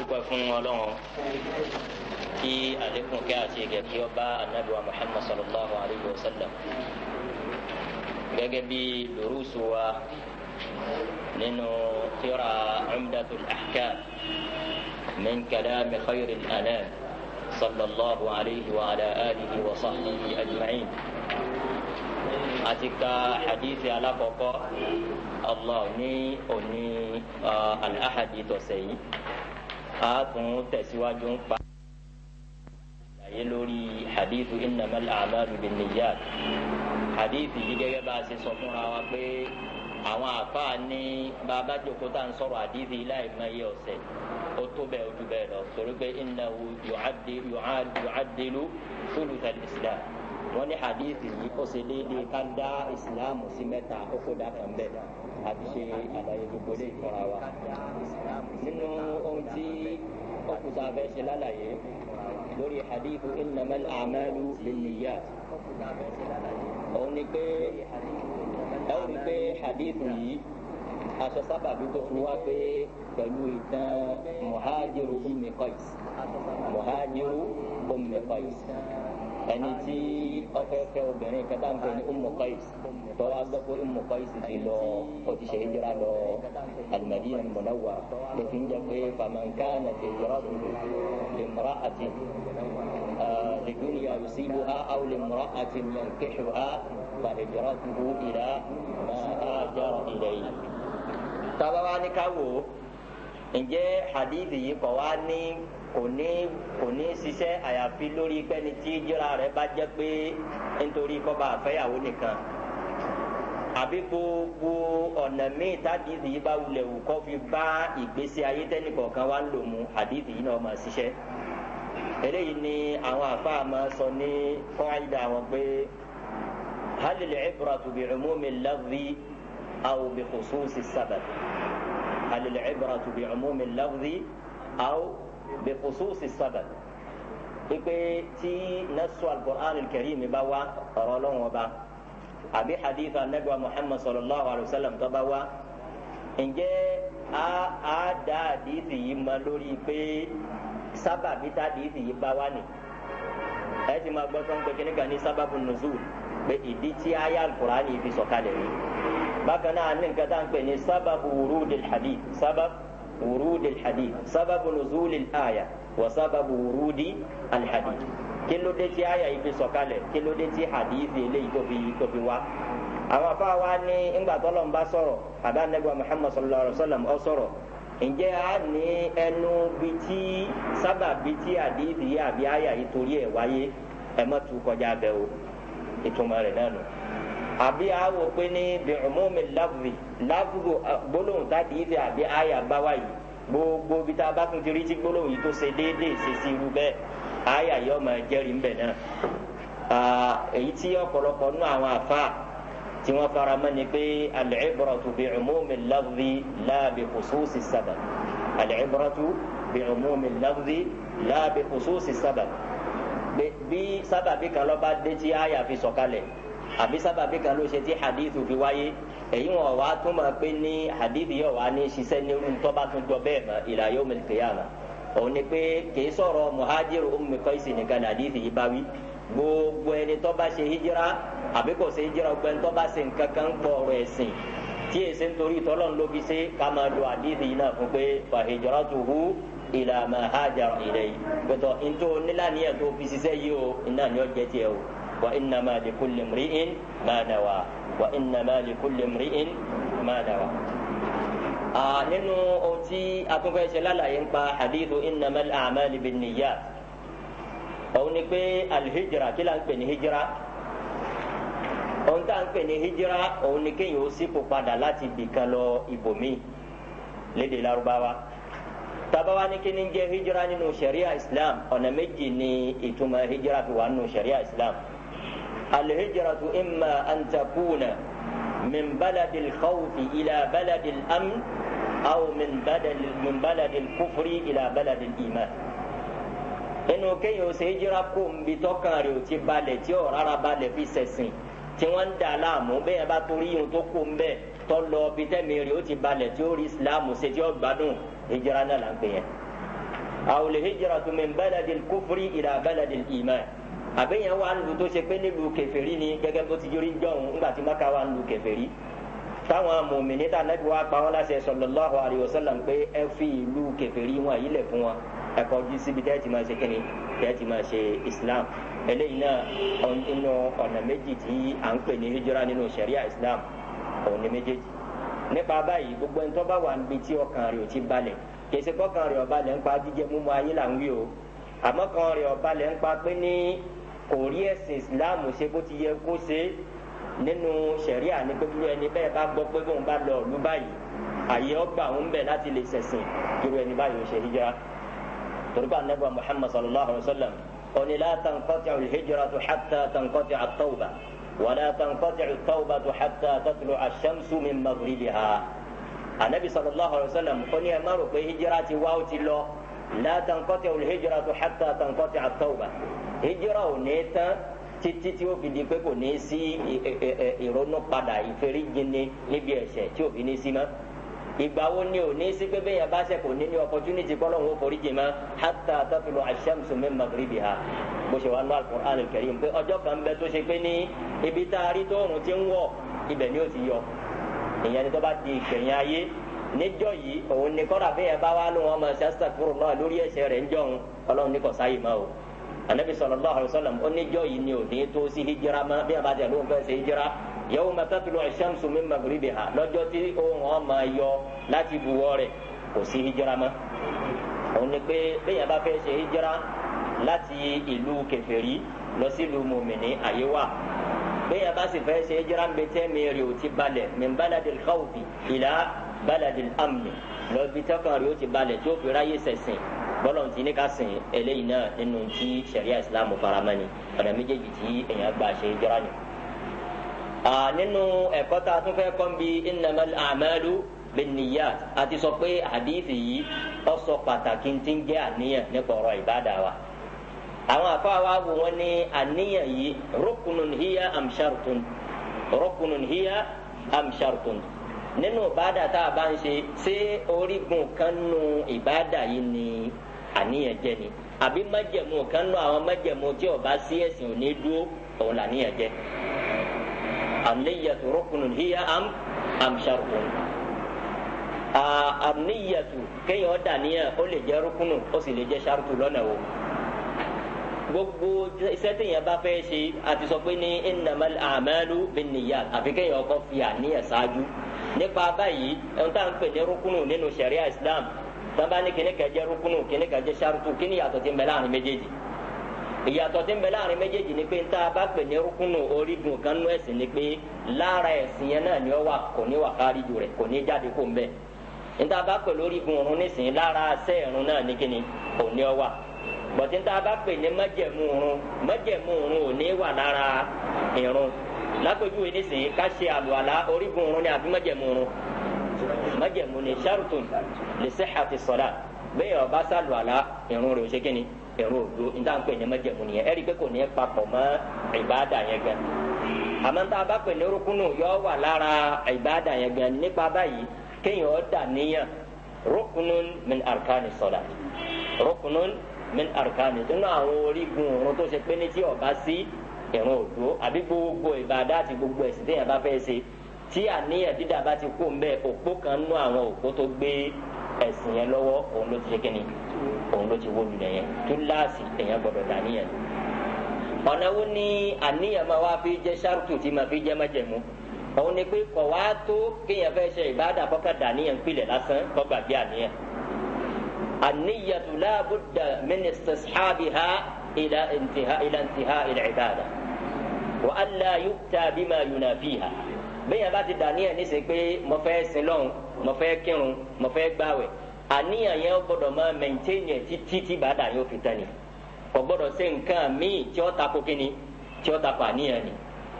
dúpẹ́ fún ọlọ́run kí àlékún kí àti ìgẹ̀ kí ó bá anabi wa muhammad sallallahu alayhi wa sallam gẹ́gẹ́ bí lùrùsù wa nínú tíra umdatul ahkam min kalami khayril anam sallallahu alayhi wa ala alihi wa sahbihi ajma'in àti ka hadithi alakoko allah ní òní uh, al-ahadi a tún tẹ̀síwájú ń pa àyè lórí hadithu innamal a'malu binniyat hadithi yìí gẹ́gẹ́ bá a ṣe sọ fúnra wa pé àwọn àfáà ní bàbá jòkó tá à ń sọ̀rọ̀ hadithi láì mọ iye ọ̀sẹ̀ ó tó bẹ́ẹ̀ ojú bẹ́ẹ̀ lọ torí pé innahu yu'addilu thuluthal islam wọ́n ní hadithi yìí ó ṣe déédéé ká dá ìsìláàmù sí mẹ́ta ó kó dá kan bẹ́ẹ̀ àti ṣe àlàyé gbogbo ilé ìfúnra wa nínú ohun tí ọkùnrin afẹ́ ṣe lálàyé lórí hadith innamal amalu binniyat òun ni pé òun ni pé hadith yìí aṣọ sábàbí tó fi wá pé pẹ̀lú ìtàn muhajiru ummi qais muhajiru ummi qais ẹni tí ọfẹ́ fẹ́ obìnrin kan táwọn pè ní Ummu Qais tó wá gbọ́ pé Ummu Qais ti lọ ó ti ṣe hijira lọ Al-Madina al-Munawwara lè fi ń jẹ pé faman kanat hijratuhu limra'atin lidunya yusibuha aw limra'atin yankihuha fa hijratuhu ila ma hajara ilayhi. tábà wá ní ká wò ó ǹjẹ́ hadith yìí kọ́ wá ní kò ní kò ní ṣiṣẹ́ àyàfi lórí pẹ́ni tí jíra rẹ̀ bá jẹ́ pé nítorí kọ́ba àfẹ́yàwó nìkan àbí gbogbo ọ̀nà míì tádìsì yìí bá wulẹ̀ wù kọ́ fi bá ìgbésí ayé tẹ́nìkọ̀ọ̀kan wá ń lò mú àdìsì yìí náà máa ṣiṣẹ́ eléyìí ni àwọn àfáà máa sọ ní kọ́ńdà àwọn pé halil ibratu bi umumi lafzi aw bi khususi sabab halil ibratu bi umumi lafzi aw bi khususi sabab ipe ti nasu al-Qur'an al-Karim bá wa ọ̀rọ̀ Ọlọ́run ọba àbí hadith anagba Muhammad sallallahu alayhi wa sallam tó bá wa ǹjẹ́ a a da àdìsí yìí ma lórí pé sábàbí tá àdìsí yìí bá wa ni ẹ ti ma gbọ́ tó ń pè kíní kan ní sábàbù nùzúl pé aya al-Qur'an fi sọ̀kalẹ̀ rí bákan náà ní nǹkan tá à ń wurudil hadith sábàbù. ورود الحديث سبب نزول الآية وسبب ورود الحديث kí ló dé tí àyà yìí fi sọ̀kalẹ̀ kí ló dé tí hadithi eléyìí tó fi tó fi wá. àwọn afa wa ní ńgbà tọ́lọ̀ ń bá sọ̀rọ̀ àbá nẹ́gbà muhammad sallallahu alayhi wa sallam ọ sọ̀rọ̀ ǹjẹ́ a ní ẹnu bíi tí sábà bíi tí hadithi yìí àbí àyà yìí torí ẹ̀ wáyé ẹ̀ mọ́ tu kọjá bẹ́ẹ̀ o ìtumọ̀ rẹ̀ náà nù. No àbí àwọ̀ pé ní bẹ̀rùmọ́mi lábùbí lábùbò gbólóhùn tàbí ìfẹ́ àbí àyà bá wáyé gbogbo bí tá a bá tún ti rí tí gbólóhùn yìí tó ṣe déédéé ṣe sí irú bẹ́ẹ̀ àyà yìí ọmọ jẹ́rìí ńbẹ̀ náà èyí tí ọ̀pọ̀lọpọ̀ nú àwọn àfa tí wọ́n fara mọ́ ni pé al-ibratu bi'umumi al-lafzi la bi khususi as-sabab al-ibratu bi'umumi al-lafzi la bí sábàbí kan dé tí àyà fi sọ̀kalẹ̀ àbí sábàbí kan ló ṣe tí hadithu fi wáyé èyí wọn wá tún máa pé ní hadithu yóò wá ní ṣiṣẹ́ ní irú tó bá tún jọ bẹ́ẹ̀ mọ́ ìlà yawmil qiyamah òun ni pé kì í sọ̀rọ̀ muhajiru ummi qaisi nìkan hadithu yìí bá wí gbogbo ẹni tó bá ṣe hijira àbí kò ṣe hijira gbẹ tó bá ṣe nǹkan kan pọ̀ ọ̀rọ̀ ẹ̀sìn tí èsì ń torí tọ́lọ́n ló fi ṣe ká máa lo hadithu yìí náà fún pé fa hijratuhu ila ma hajara ilayhi pẹ̀tọ̀ ntò nílànìyàn tó fi ṣiṣẹ́ yìí o iná ni ó jẹ́ tiẹ̀ o wa inna ma li kulli mri'in ma nawa wa inna ma li kulli mri'in ma nawa. nínú ohun tí a tún fẹ́ ṣe lálàyé ń pa hadithu innamal a'mal binniyat òun ni pé alihijira kí la ń hijira ohun tá à hijira òun ni kéèyàn ó sípò padà láti ibìkan lọ ibòmíì lédè tabawa ni kí ni jẹ́ hijira nínú sharia islam ọ̀nà méjì ni ìtumọ̀ hijira fi wà nínú sharia islam. الهجرة إما أن تكون من بلد الخوف إلى بلد الأمن أو من بلد من بلد الكفر إلى بلد الإيمان. إنه كي يسجر قوم بتكار يتبال تيور عربا في سسين. تيوان دالام وبين باتوري وتقوم به تلو بتمير يتبال تيور إسلام وسجر بدون هجرنا لبيه. أو الهجرة من بلد الكفر إلى بلد الإيمان. àbẹ̀yẹn wà lù tó ṣe pé nílùú kẹfẹ́rí ni gẹ́gẹ́ bó ti yorí gbọ̀hún ńgbà tí maka wà lù kẹfẹ́rí táwọn mòmìnì tá nàbí wàá pa wọn láṣẹ sọlọláhu àríwọsọlá pé ẹ fi ìlú kẹfẹ́rí wọn yìí lẹ̀ fún wọn ẹ̀kọ́ ojú síbi tẹ́ẹ̀tì máa ṣe kínní tẹ́ẹ̀tì máa ṣe islam eléyìí náà nínú ọ̀nà méjì tí à ń pè ní hijra nínú sharia islam òun ni méjèèjì nípa báyìí gbogbo ẹni tó bá wà níbi tí ọkàn rẹ̀ ò ti balẹ̀ kìí kọ́kàn rẹ̀ ọ̀balẹ̀ ń jíjẹ múmu ayé là ń wí o àmọ́ kan rẹ̀ ọ̀balẹ̀ pé ní kò rí ẹ̀sìn islam ṣe bó ti yẹ kó ṣe nínú sẹ̀ríà ní gbogbo ẹni bẹ́ẹ̀ bá gbọ́ pé bóun bá lọ ìlú báyìí àyè ọgbà òun bẹ̀ láti lè ṣẹ̀sìn irú ẹni báyìí ò ṣe hijira torípa anabi muhammad sallallahu alayhi wa sallam oní látàn kọ́tì alhijira tó xata tàn kọ́tì àtọ́wba wàlá tàn kọ́tì àtọ́wba xata tàtúlù àṣàmsù mi magribi anabi sallallahu alayhi wa sallam oní ẹ pé hijira ti wá ti lọ látàn kọ́tì alhijira tó xata tàn kọ́tì hijira ò ní tán títí tí ó fi di pé kò ní sí ìrònú padà ìferíjìnni níbi ẹ̀ṣẹ̀ tí ò fi ní sí mọ́ ìgbà wo ni ò ní sí pé bẹ́ẹ̀ yẹn bá ṣe kò ní ní opportunity kọ́lọ́hún ó forí jì mọ́ hátà tọ́tulù àṣàmùsùn mi magrebi ha bó ṣe wà ní alukur'an kẹrin pé ọjọ́ kan bẹ tó ṣe pé ní ibi tá a rí tóorùn ti ń wọ̀ ibẹ̀ ni ó ti yọ ìyẹn ni tó bá di ìkẹyìn ayé níjọ́ yìí òun ni kọ́ra bẹ́ẹ̀ yẹn bá wà lóhùn ọmọ ṣẹ́ṣẹ́ náà lórí ẹ̀ṣẹ̀ anabi sallallahu alayhi wa sallam ó ní jọ́ yìí ni ò ní tó sí hijira mọ́ bí a bá tẹ̀ ló ń fẹ́ ṣe hijira yawma tatlu ash-shamsu min maghribiha lọ́jọ́ tí òun ọ̀ máa yọ láti buwọ́ rẹ̀ kò sí hijira mọ́ òun ni pé bẹ́ẹ̀ bá fẹ́ ṣe hijira láti ìlú kèfèrí lọ sí ìlú mùmìnì àyè wà bẹ́ẹ̀ bá sì fẹ́ ṣe hijira ń bẹ tẹ́ mi rè ó ti balẹ̀ min baladil khawfi ila baladil amni lọ ibi tọkàn rẹ ó ti balẹ̀ tí ó fi ráyè sẹ̀sìn bọ́lọ̀ ti ní ká sìn eléyìí náà nínú tí sẹ̀ríà ìsìlámù faramọ́ ni ọ̀nà méjèèjì tí èèyàn gbà ṣe jọra ni. nínú ẹ̀kọ́ tá a tún fẹ́ kọ́ bí innamal a'malu binniyat a ti sọ pé àdìsí yìí ó sọ pàtàkì ti ń jẹ́ àníyàn nípa ọ̀rọ̀ ìbáda wa. àwọn àfáwa wo wọn ní àníyàn yìí rukunun hiya amshartun rukunun hiya amshartun nínú ìbáàdà tá a bá ń ṣe ṣé orígun kan nu ìbáàdà yìí ni àníyàn jẹ ni àbí májẹ̀mú kan nu àwọn májẹ̀mú tí ọba sí ẹ̀sìn ò ní dúró òun làníyàn jẹ. àníyàtò rọ́kùnù híyà am amṣàrùkùn. àníyàtò kéèyàn dàníyàn ó lè jẹ́ rọ́kùnù ó sì lè jẹ́ ṣàrùtù lọ́nà o gbogbo iṣẹ́ téèyàn bá fẹ́ ṣe àti sọ pé ní innamal a'malu binniyat àfi kéèyàn kọ́ fi àníyàn ṣáájú. nípa báyìí ohun tá à ń pè ní rúkúnù nínú islam tọ́ba ní kíní kan jẹ́ rúkúnù kíní kan jẹ́ ṣáàrùtù kíní ìyàtọ̀ tí ń bẹ láàrin méjèèjì ìyàtọ̀ tí ń bẹ láàrin méjèèjì ni pé ń tá a bá pè ní rúkúnù orígun kan nú ẹ̀sìn ni pé lára ẹ̀sìn yẹn náà ni ó wà kò ní wà kárí ju rẹ̀ kò lápẹjúwe nísìnyí ká ṣe àlùwàlá orígun oorun ni àbí májẹ̀mú oorun májẹ̀mú ni sharutun lè ṣe àti sọ̀dá bẹ́ẹ̀ ọba sàlùwàlá ìrun rẹ̀ ò ṣe kí ni ìrun òdo níta ń pè ní májẹ̀mú nìyẹn ẹ̀rí pé kò ní papọ̀ mọ́ ìbáàdà yẹn gan àmọ́ tá a bá pè ní rúkúnù yọ wà lára ìbáàdà yẹn gan nípa báyìí kéèyàn ó dà níyàn rukunun min arkani sọ̀dá rukunun min arkani nínú àwọn orígun tó ṣe pé ní tí ọba sí ẹ̀rùn òdó àbí gbogbo ìbàdá àti gbogbo ẹ̀sìn téèyàn bá fẹ́ ṣe tí àníyàn dídà bá ti kó mbẹ́ òpó kan nú àwọn òpó tó gbé ẹ̀sìn yẹn lọ́wọ́ òun ló ti ṣe kíni òun ló ti wó lulẹ̀ yẹn túláàsì èèyàn gbọ́dọ̀ dàníyàn ni. ọ̀nà wo ni àníyàn máa wá fi jẹ́ sáàrùtù tí máa fi jẹ́ májẹ̀mú òun ni pé kọ̀ wá tó kéèyàn fẹ́ ṣe ìbáàdà kọ́kà dàníyàn pilẹ̀ lásán kọ́ gbàgbé àníyàn. àníyàn tó láàbùdà mínísítà sábìhá ìlà ìntìhá ìlà ìlà ìbáàdà wa ala yukta bima yunafiha bẹ́ẹ̀ yẹn bá ti dàníyàn ní sè pé mo fẹ́ sin lọ́hùn mo fẹ́ kírun mo fẹ́ gbàwẹ̀ àníyàn yẹn gbọ́dọ̀ máa mẹ̀ntẹ́nì ẹ̀ títí tí bàdà yóò fi tán ni kò gbọ́dọ̀ ṣe nǹkan míì tí ó tako kíni tí ó tako àníyàn ni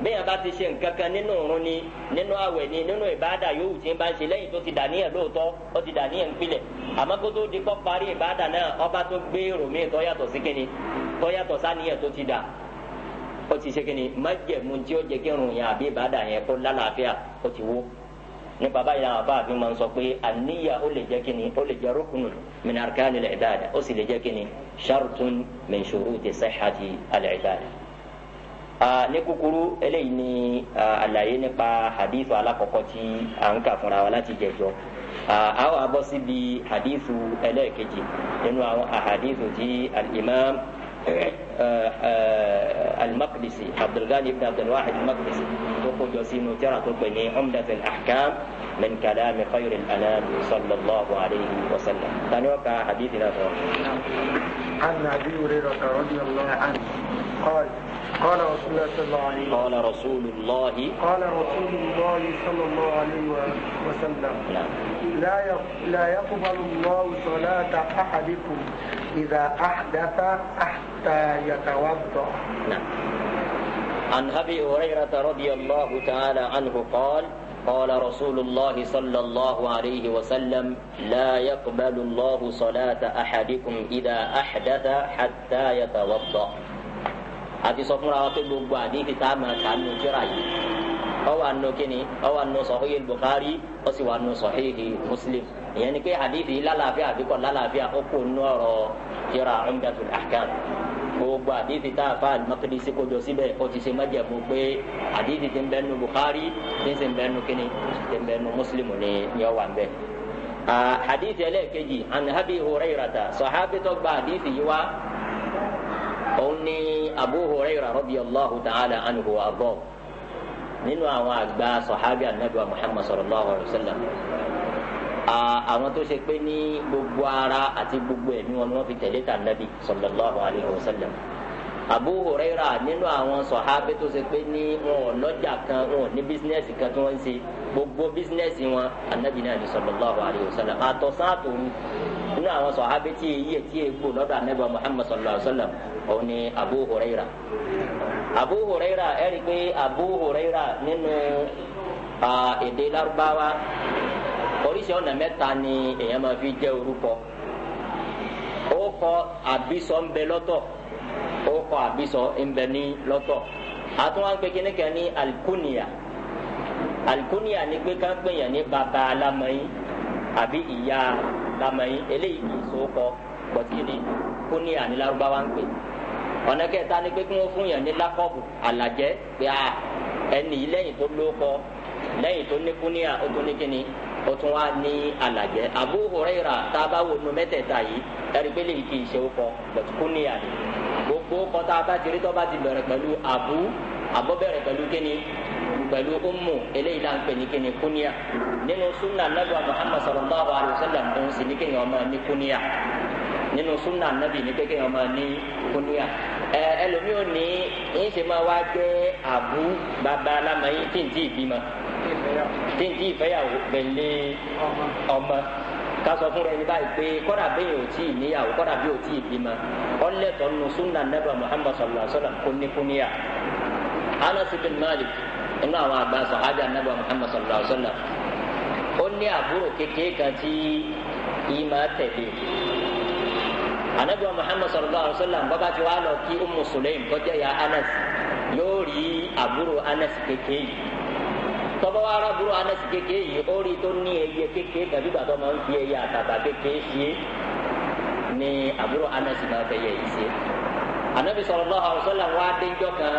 bẹ́ẹ̀ yẹn bá ti ṣe nǹkan kan nínú òrun ni nínú àwẹ̀ ni nínú ìbáàdà yòówù tí ń bá ń ṣe lẹ́yìn tó ti dàníyàn lóòótọ́ ó ti dàníyàn ń pilẹ̀ àmọ́ kó tó di kọ́ parí ìbáàdà náà ọba ó ti ṣe kíni májẹ̀mú tí ó jẹ́ kí irun yẹn àbí ìbàdàn yẹn kó lálàáfíà ó ti wó nípa báyìí àwọn àbá àfi máa ń sọ pé àníyà ó lè jẹ́ kíni ó lè jẹ́ rúkúnù min arkani al ó sì lè jẹ́ kíni shartun min shuruti sihhati al-ibada. ní kúkúrú eléyìí ni àlàyé nípa hadith alákọ̀ọ́kọ́ tí à ń kà fúnra wa láti jẹjọ́ a abọ́ síbi hadith ẹlẹ́ẹ̀kejì nínú àwọn hadith tí imam آه، آه، المقدسي عبد الغني بن عبد الواحد المقدسي تخرج سينوترة بني عمدة الأحكام من كلام خير الأنام صلى الله عليه وسلم تنوكا حديثنا نعم. عن أبي هريرة رضي الله عنه قال قال رسول الله صلى الله عليه قال رسول الله قال رسول الله صلى الله عليه وسلم نعم. لا لا يقبل الله صلاة أحدكم إذا أحدث حتى يتوضأ نعم عن أبي هريرة رضي الله تعالى عنه قال قال رسول الله صلى الله عليه وسلم لا يقبل الله صلاة أحدكم إذا أحدث حتى يتوضأ àti sọ fúnra wa pé gbogbo àdéhìí tá a máa kà nù kíra yìí ọ wà nù kíni ọ wà nù sọhíhì bukhari ọ sì wà nù sọhíhì muslim ìyẹn ni pé hadithi lálàáfíà àbíkọ lálàáfíà ó kò nú ọ̀rọ̀ yọrọ Umdatul Ahkam gbogbo hadithi tá a fa Al-Maqdisi kojọ síbẹ̀ ó ti ṣe májẹ̀mú pé hadithi ti ń bẹ nu Bukhari ti ń sì ń bẹ nu kíni ti ń bẹ nu Muslim ni ni ó wà ń bẹ. hadithi ẹlẹ́ẹ̀kejì an Abi sọ̀hábítọ́ gba hadithi yìí wá òun ni Abu Hurayra radiyallahu ta'ala anhu abọ́ nínú àwọn àgbà sọ̀hábí anabi Muhammad sallallahu àwọn tó ṣe pé ní gbogbo ara àti gbogbo ẹ̀mí wọn ni wọ́n fi tẹ̀lé tà nàbí sallallahu alaihi wasallam Abu Huraira nínú àwọn sọ̀hábẹ́ tó ṣe pé ní wọn ò lọ́jà kan wọn ò ní bísínẹ́sì kan tí wọ́n ń ṣe gbogbo bísínẹ́sì wọn anabi náà ní sallallahu alaihi wasallam àtọ̀sán àtòru nínú àwọn sọ̀hábẹ́ tí èyí ẹ̀ tí èyí gbò lọ́dọ̀ anabi Muhammad sallallahu alaihi wasallam òun ni Abu Huraira Abu Huraira ẹ̀rí pé Abu Huraira nínú èdè Lárúbáwá oríṣi na mẹ́ta ni èèyàn máa fi jẹ́ orúkọ ó kọ àbísọ ń bẹ ni ó kọ àbísọ ń bẹ ni lọ́tọ̀ àtúnwá ń pe kíní kan ní alikuniya alikuniya ni pé kán pè yàn ní baba alamọyin àbí ìyá alamọyin eléyìí kì so kọ bọ̀tíkìlì kuniya ní larubawa ń pè ọ̀nà kẹta ni pé kí wọ́n fún yàn ní lakọ́bù alajẹ́ pé a ẹnì lẹ́yìn tó ló kọ lẹ́yìn tó kuniya ó tó ní kíni ó tún wá ní alàjẹ Abu Huraira tá a bá wo nu mẹ́tẹ̀ẹ̀ta yìí ẹ̀rí pé lè kì í ṣe ó kọ bọ̀tùkú níyà ni gbogbo kọta bá bá ti bẹ̀rẹ̀ pẹ̀lú abu abọ́ bẹ̀rẹ̀ pẹ̀lú kíni pẹ̀lú ummu eléyìí là ń pè ní kíni kúníyà nínú sunna nabi wa muhammad sallallahu alayhi wa sallam tó ń sin ní kéèyàn máa ní kúníyà nínú sunna nabi ní kéèyàn máa ní kúníyà ẹ ẹlòmíì ò ní ń máa wá jẹ́ abu bàbá alámọ̀yé tí ń tí bímọ tíntì ìfẹ́yàwó pẹ̀lú ọmọ kásọ fún rẹ báyìí pé kọ́dà bẹ́ẹ̀ ò tí ì níyàwó kọ́dà bẹ́ẹ̀ ò tí ì bímọ ọlẹ́tọ̀ nù sunna nebà muhammad sallallahu alayhi wa sallam kúnníkúnníyà anas bin malik inú àwọn àgbà sọ̀hájà nebà muhammad sallallahu alayhi wa sallam ó ní àbúrò kékeré kan tí ìmọ̀ tẹ̀lé anabiwa muhammad sallallahu alaihi wa sallam bàbá tí wàá lọ kí umu sulaim kọjá ya anas yóò rí àbúrò anas kékeré yìí tọ́bọ̀ wa Araburu anẹ́sì keke, yìí ó rí tó ní ẹyẹ kékeré tàbí gbàtọ́ máa ń fi ẹyẹ àtàtà kékeré ṣe ni àbúrò anẹ́sì máa fẹ́ yẹ yìí ṣe anabi sallallahu alaihi wasallam wa denjọ kan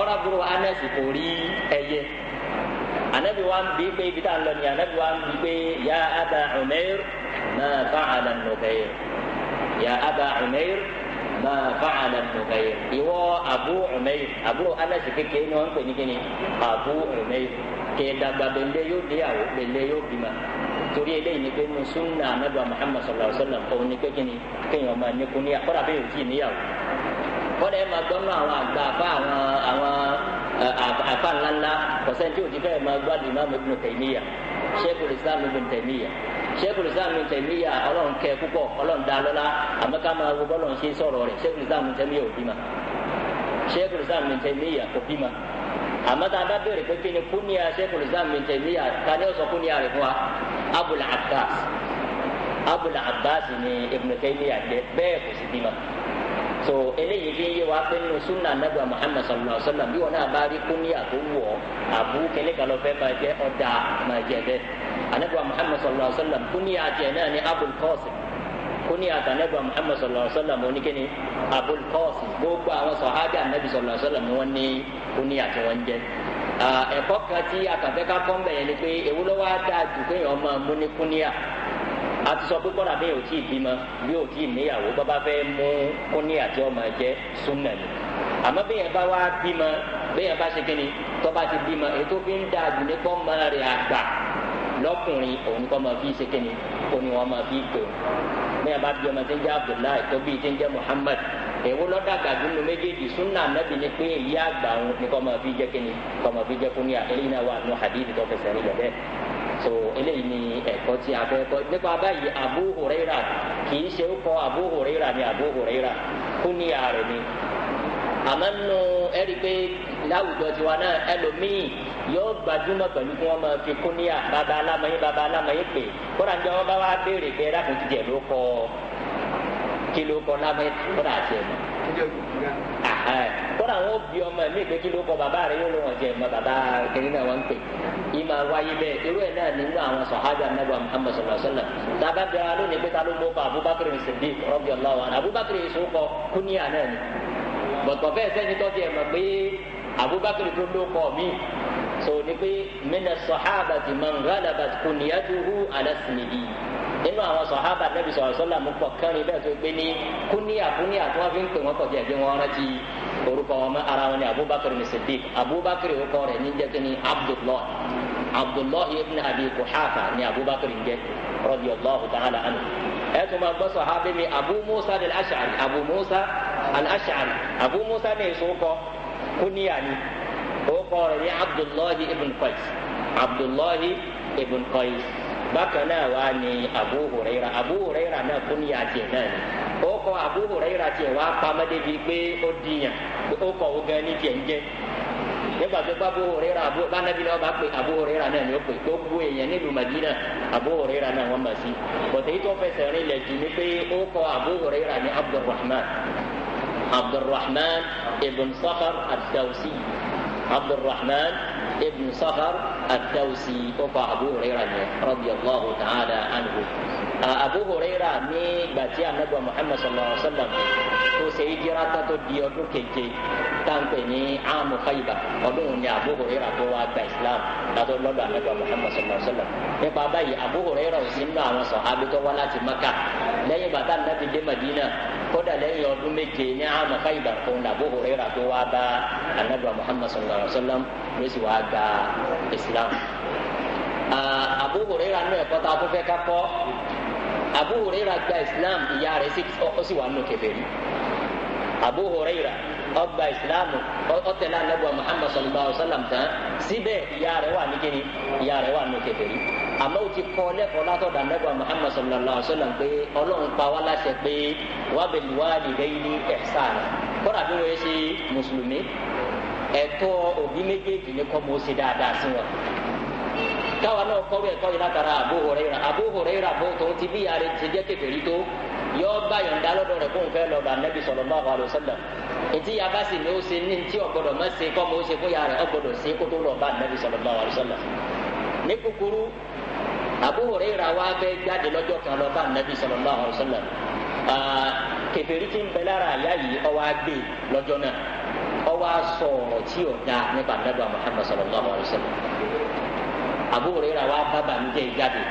ọraburu anasi kò rí ẹyẹ anabi wa ń bi pé ibi tá a lọ ni anabi wa ń bi pé ya aba umair ma fa'ala nukair ya aba umair máa fa'ala nùgbàyè ìwọ abu umayr àbúrò alẹ́sì kékeré ni wọ́n ń abu umayr kẹ̀ẹ́dàgbà bẹ̀lẹ́ yóò déyàwó bẹ̀lẹ́ yóò bímọ torí eléyìí ni pé nu anabi muhammad sallallahu alaihi wa sallam òun ni pé kíni kéèyàn máa níkun níyà kọ́ra bẹ́ẹ̀ yóò tí ì níyàwó kọ́ra ẹ̀ máa gbọ́nú àwọn àgbà àfa àwọn àwọn àfa ńláńlá kọ̀sẹ́ntì òdìfẹ́ máa gbádùn imáàmù ibn taymiya sheikh islam ibn taymiya sẹ́kùlù sàmì tẹ̀míyà ọlọ́run kẹ púpọ̀ ọlọ́run dá lọ́lá àmọ́ ká máa ṣe sọ̀rọ̀ rẹ̀ sẹ́kùlù sàmì tẹ̀míyà ò bímọ sẹ́kùlù sàmì tẹ̀míyà kò bímọ àmọ́ bá béèrè pé kí ni kúnìyà sẹ́kùlù sàmì tẹ̀míyà ta ni kúnìyà rẹ̀ fún wa abul abbas abul abbas ni ibn jẹ bẹ́ẹ̀ kò sì bí wọn anabi muhammad sallallahu alaihi wa sallam kúnìyà tiẹ̀ náà ni abul qasim kúnìyà tà anabi wa muhammad sallallahu alaihi wa sallam oníkẹ́ni abul qasim gbogbo àwọn sọ̀hábì anabi sallallahu alaihi wa sallam ni wọ́n ní kúnìyà tí wọ́n jẹ́ ẹ̀kọ́ kan tí akàfẹ́ká kọ́ ń ni pé èwo ló wá dáa jù kéèyàn ọmọ mú ní kúnìyà a ti sọ pé kọ́ra bí o tí ì bímọ bí o tí ì níyàwó bàbá fẹ́ mú kúnìyà tí ọmọ jẹ́ súnà ni àmọ́ bí yẹn bá wá bímọ bí yẹn bá ṣe kí ni tọ́ bá ti bímọ ètò fi ń dáa jù ní kọ́ lọ́kùnrin òun kọ́ máa fi ṣe kíni kó ni wọ́n máa fi pè ó ní abá ọmọ tí ń jẹ́ abdullahi tó bí tí ń jẹ́ muhammad èwo lọ́dà gàdúnú méjèèjì sunna anabi ni pé èyí àgbà òun ni kọ́ máa fi jẹ́ kíni kọ́ máa fi jẹ́ fún ní àtẹ́lẹ́yìn wà nù hadith tó fẹsẹ̀ rí lọ́dẹ̀ so eléyìí ni ẹ̀kọ́ tí a fẹ́ kọ́ nípa báyìí abu huraira kì í ṣe ó kọ́ abu huraira ni abu huraira kúnìyà àmọ́ nínú ẹ̀rí pé láwùjọ tiwa náà ẹlòmíì yóò gbajúmọ̀ pẹ̀lú kí wọ́n máa fi kún ní àbábá alámọ̀yé bàbá alámọ̀yé pé kódà ń jẹ́ wọ́n bá wá béèrè pé ẹ̀rá kan ti jẹ̀ ló kọ́ kí ló kọ́ lámọ̀yé kódà àti ẹ̀ kódà wọn ò bí ọmọ mi pé kí ló kọ bàbá rẹ yóò lọ wọn jẹ mọ bàbá kiri náà wọn pè yìí máa wáyé bẹ́ẹ̀ irú ẹ náà nínú àwọn sọhábà nàbà muhammed sọlá sọlá tàbá bẹ alónìí pé ta ló mọ kọ abubakar ṣèdí rọbì ọlọwà abubakar yìí sọ kọ náà ni bọ̀tọ̀ fẹ́ẹ́ sẹ́ni tọ́jú ẹ̀ mọ̀ pé abubakar tó ló kọ́ mi so ni pé mina sọ̀hábà ti man ghalaba kunyatuhu ala ismihi nínú àwọn sọ̀hábà nẹ́bí sọ̀rọ̀ sọ́là mú pọ̀ kẹrin bẹ́ẹ̀ tó gbé ní kúníyà kúníyà tí wọ́n fi ń pè wọ́n kọjá ẹ̀jẹ̀ wọn rántí orúkọ wọn mọ́ ara wọn ni abubakar ní siddiq abubakar orúkọ rẹ̀ ní jẹ́ kíni abdullahi abdullahi ibn abi kuhafa ni abubakar ń jẹ́ radiyallahu ta'ala anhu ẹ̀ tó máa gbọ́ sọ̀hábà mi abu musa al-ash'ari abu musa ní ìsúnkọ kúníyà ni orúkọ rẹ̀ ní abdullahi ibn qais abdullahi ibn qais bákan náà wà ní abu huraira abu huraira náà kúníyà tiẹ̀ náà ni orúkọ abu huraira tiẹ̀ wà pàmẹ́dé bíi pé ó dìyàn orúkọ ogan ní tiẹ̀ ń jẹ́ nígbà tó bá Abu Huraira abu bánabi náà bá pe Abu Huraira náà ni ó pe gbogbo èèyàn nílùú Madina Abu Huraira náà wọ́n mọ̀ sí bọ̀tẹ́ tó fẹsẹ̀ rìn lẹ̀ jù ní pé ó kọ Abu Huraira ní Abdulrahman. عبد الرحمن ابن صخر الدوسي عبد الرحمن ابن صخر الدوسي وفى رضي الله تعالى عنه Ah, Abu Hurairah ni gbàtí anagba Muhammad sallallahu alaihi wa sallam tó ṣe ìjìrà tó di ọdún keje táǹpẹ̀ ní amu fayibà ọdún ní Abu Hurairah tó wá gba Islam látọ̀ lọ́dọ̀ anagba Muhammad sallallahu alaihi wa sallam nípa báyìí Abu Hurairah ò sí nínú àwọn sàhábí tó wá láti Maka lẹ́yìn bàtà nàbí dé Madina kódà lẹ́yìn ọdún méje ní amu fayibà fún Abu Hurairah tó wá bá anagba Muhammad sallallahu alaihi wa sallam ló sì gba Islam. Ah, Abu Hurairah náà kọ́ta tó fẹ́ ká kọ́ Abu Huraira gba Islam ìyá rẹ̀ ó sì wà nù kèfèrí Abu Huraira ọgbà Islam ọtẹlá anabuwa Muhammad sallallahu alaihi wa sallam tán síbẹ̀ ìyá rẹ̀ wà ní kíni ìyá rẹ̀ wà nù kèfèrí àmọ́ o ti kọ́ lẹ́kọ̀ọ́ látọ̀dọ̀ anabuwa Muhammad sallallahu alaihi wa sallam pé Ọlọ́run pa wá láṣẹ pé di bil walidayni ihsana kọ́ra bí wọ́n ṣe mùsùlùmí ẹ̀tọ́ òbí méjèèjì ni kọ́ mọ́ ṣe dáadáa sí wọn káwa náà kọ́rọ̀ ẹ̀kọ́ yìí Abu Hurairah Abu Hurairah bó tó ń ti bí yàrá ti jẹ́ kékeré tó yọ bá yọ̀ǹda lọ́dọ̀ rẹ̀ kó n fẹ́ lọ́dọ̀ anabi sallallahu alaihi wasallam ètí yaba sì ni ó ṣe ní ti ọ̀gbọ́dọ̀ má ṣe kọ́ Abu Hurairah wá fẹ́ jáde lọ́jọ́ kan lọ bá anabi sallallahu alaihi wasallam kèfèrí tí ń bẹ lára àyà yìí Abu Hurairah wa bá bàmíjẹ́ jáde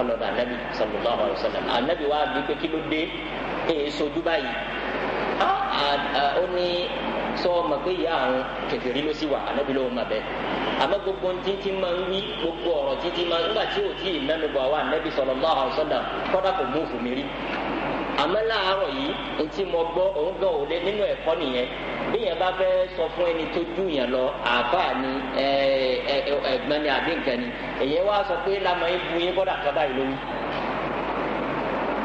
ọlọ́dọ̀ anabi sallallahu alayhi wa sallam anabi wa bí pé kí ló dé ee sojú báyìí ó ní sọ ma pé ìyá àwọn kẹfìrí ló sì wà anabi ló ma bẹ àmọ́ gbogbo títí máa ń wí gbogbo ọ̀rọ̀ títí máa ń nígbà tí ò tí ì mẹ́nu anabi sallallahu alayhi wa sallam kọ́dà kò mú òfin mi rí àmọ́ láàárọ̀ yìí ntí mo gbọ́ òun gan ò lé nínú ẹ̀kọ́ nìyẹn bí yẹn bá fẹ́ sọ fún ẹni tó jù yẹn lọ àáfà ni ẹ̀gbọ́n ni àbí nǹkan ni èyẹ wá sọ pé lamọ yín bu yín bọ́dà kaba yìí lórí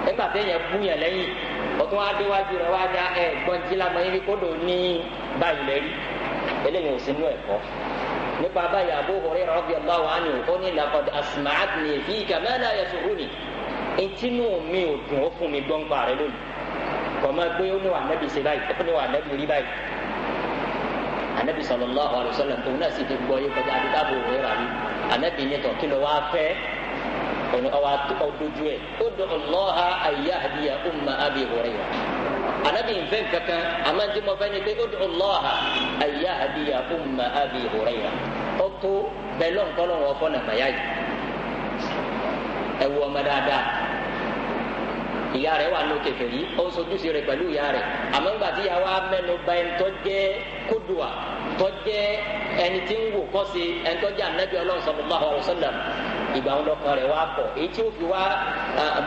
nígbà tí yẹn bu yẹn lẹ́yìn ọtún wá déwájú rẹ wá ní tí lamọ yín kó lò ní báyìí lẹ́rí eléyìí ò sí nínú ẹ̀kọ́ nípa báyìí Abu Hurairah radiyallahu anhu ó ní laqad asma'atni fika ntinu mi ò dùn ó fún mi gbọ́ngbà rẹ lónìí kọ́mọ pé ó ní wà nẹ́bi ṣe báyìí ó ní wà nẹ́bi rí báyìí anabi sallallahu alayhi wa sallam òun náà sì ti gbọ́ yé kọjá àti táàbù òwe rà mí anabi ní tọ̀ kí ló wá fẹ́ òun ọwọ́ dojú ẹ̀ ó dùn ọlọ́ha ayáhadiya umma abi hurayra anabi nfẹ́ kankan amáǹtí mo fẹ́ ni pé ó dùn ọlọ́ha ayáhadiya umma abi hurayra ó tó bẹ́ẹ̀ lọ́nkọ́ lọ́wọ́ fọ́nà mayá yìí ẹ dáadáa ìyá rẹ̀ wà nù kèfèrí ó sojúṣe rẹ̀ pẹ̀lú ìyá rẹ̀ àmọ́ ńgbà tí ìyá wa mẹ́nu bà ẹni tó jẹ́ kódùà tó jẹ́ ẹni tí ń wò kọ́ sí ẹni tó jẹ́ ànábì Ọlọ́run sallallahu alaihi wasallam ìgbà wọn lọkàn rẹ̀ wá pọ̀ èyí tí ó fi wá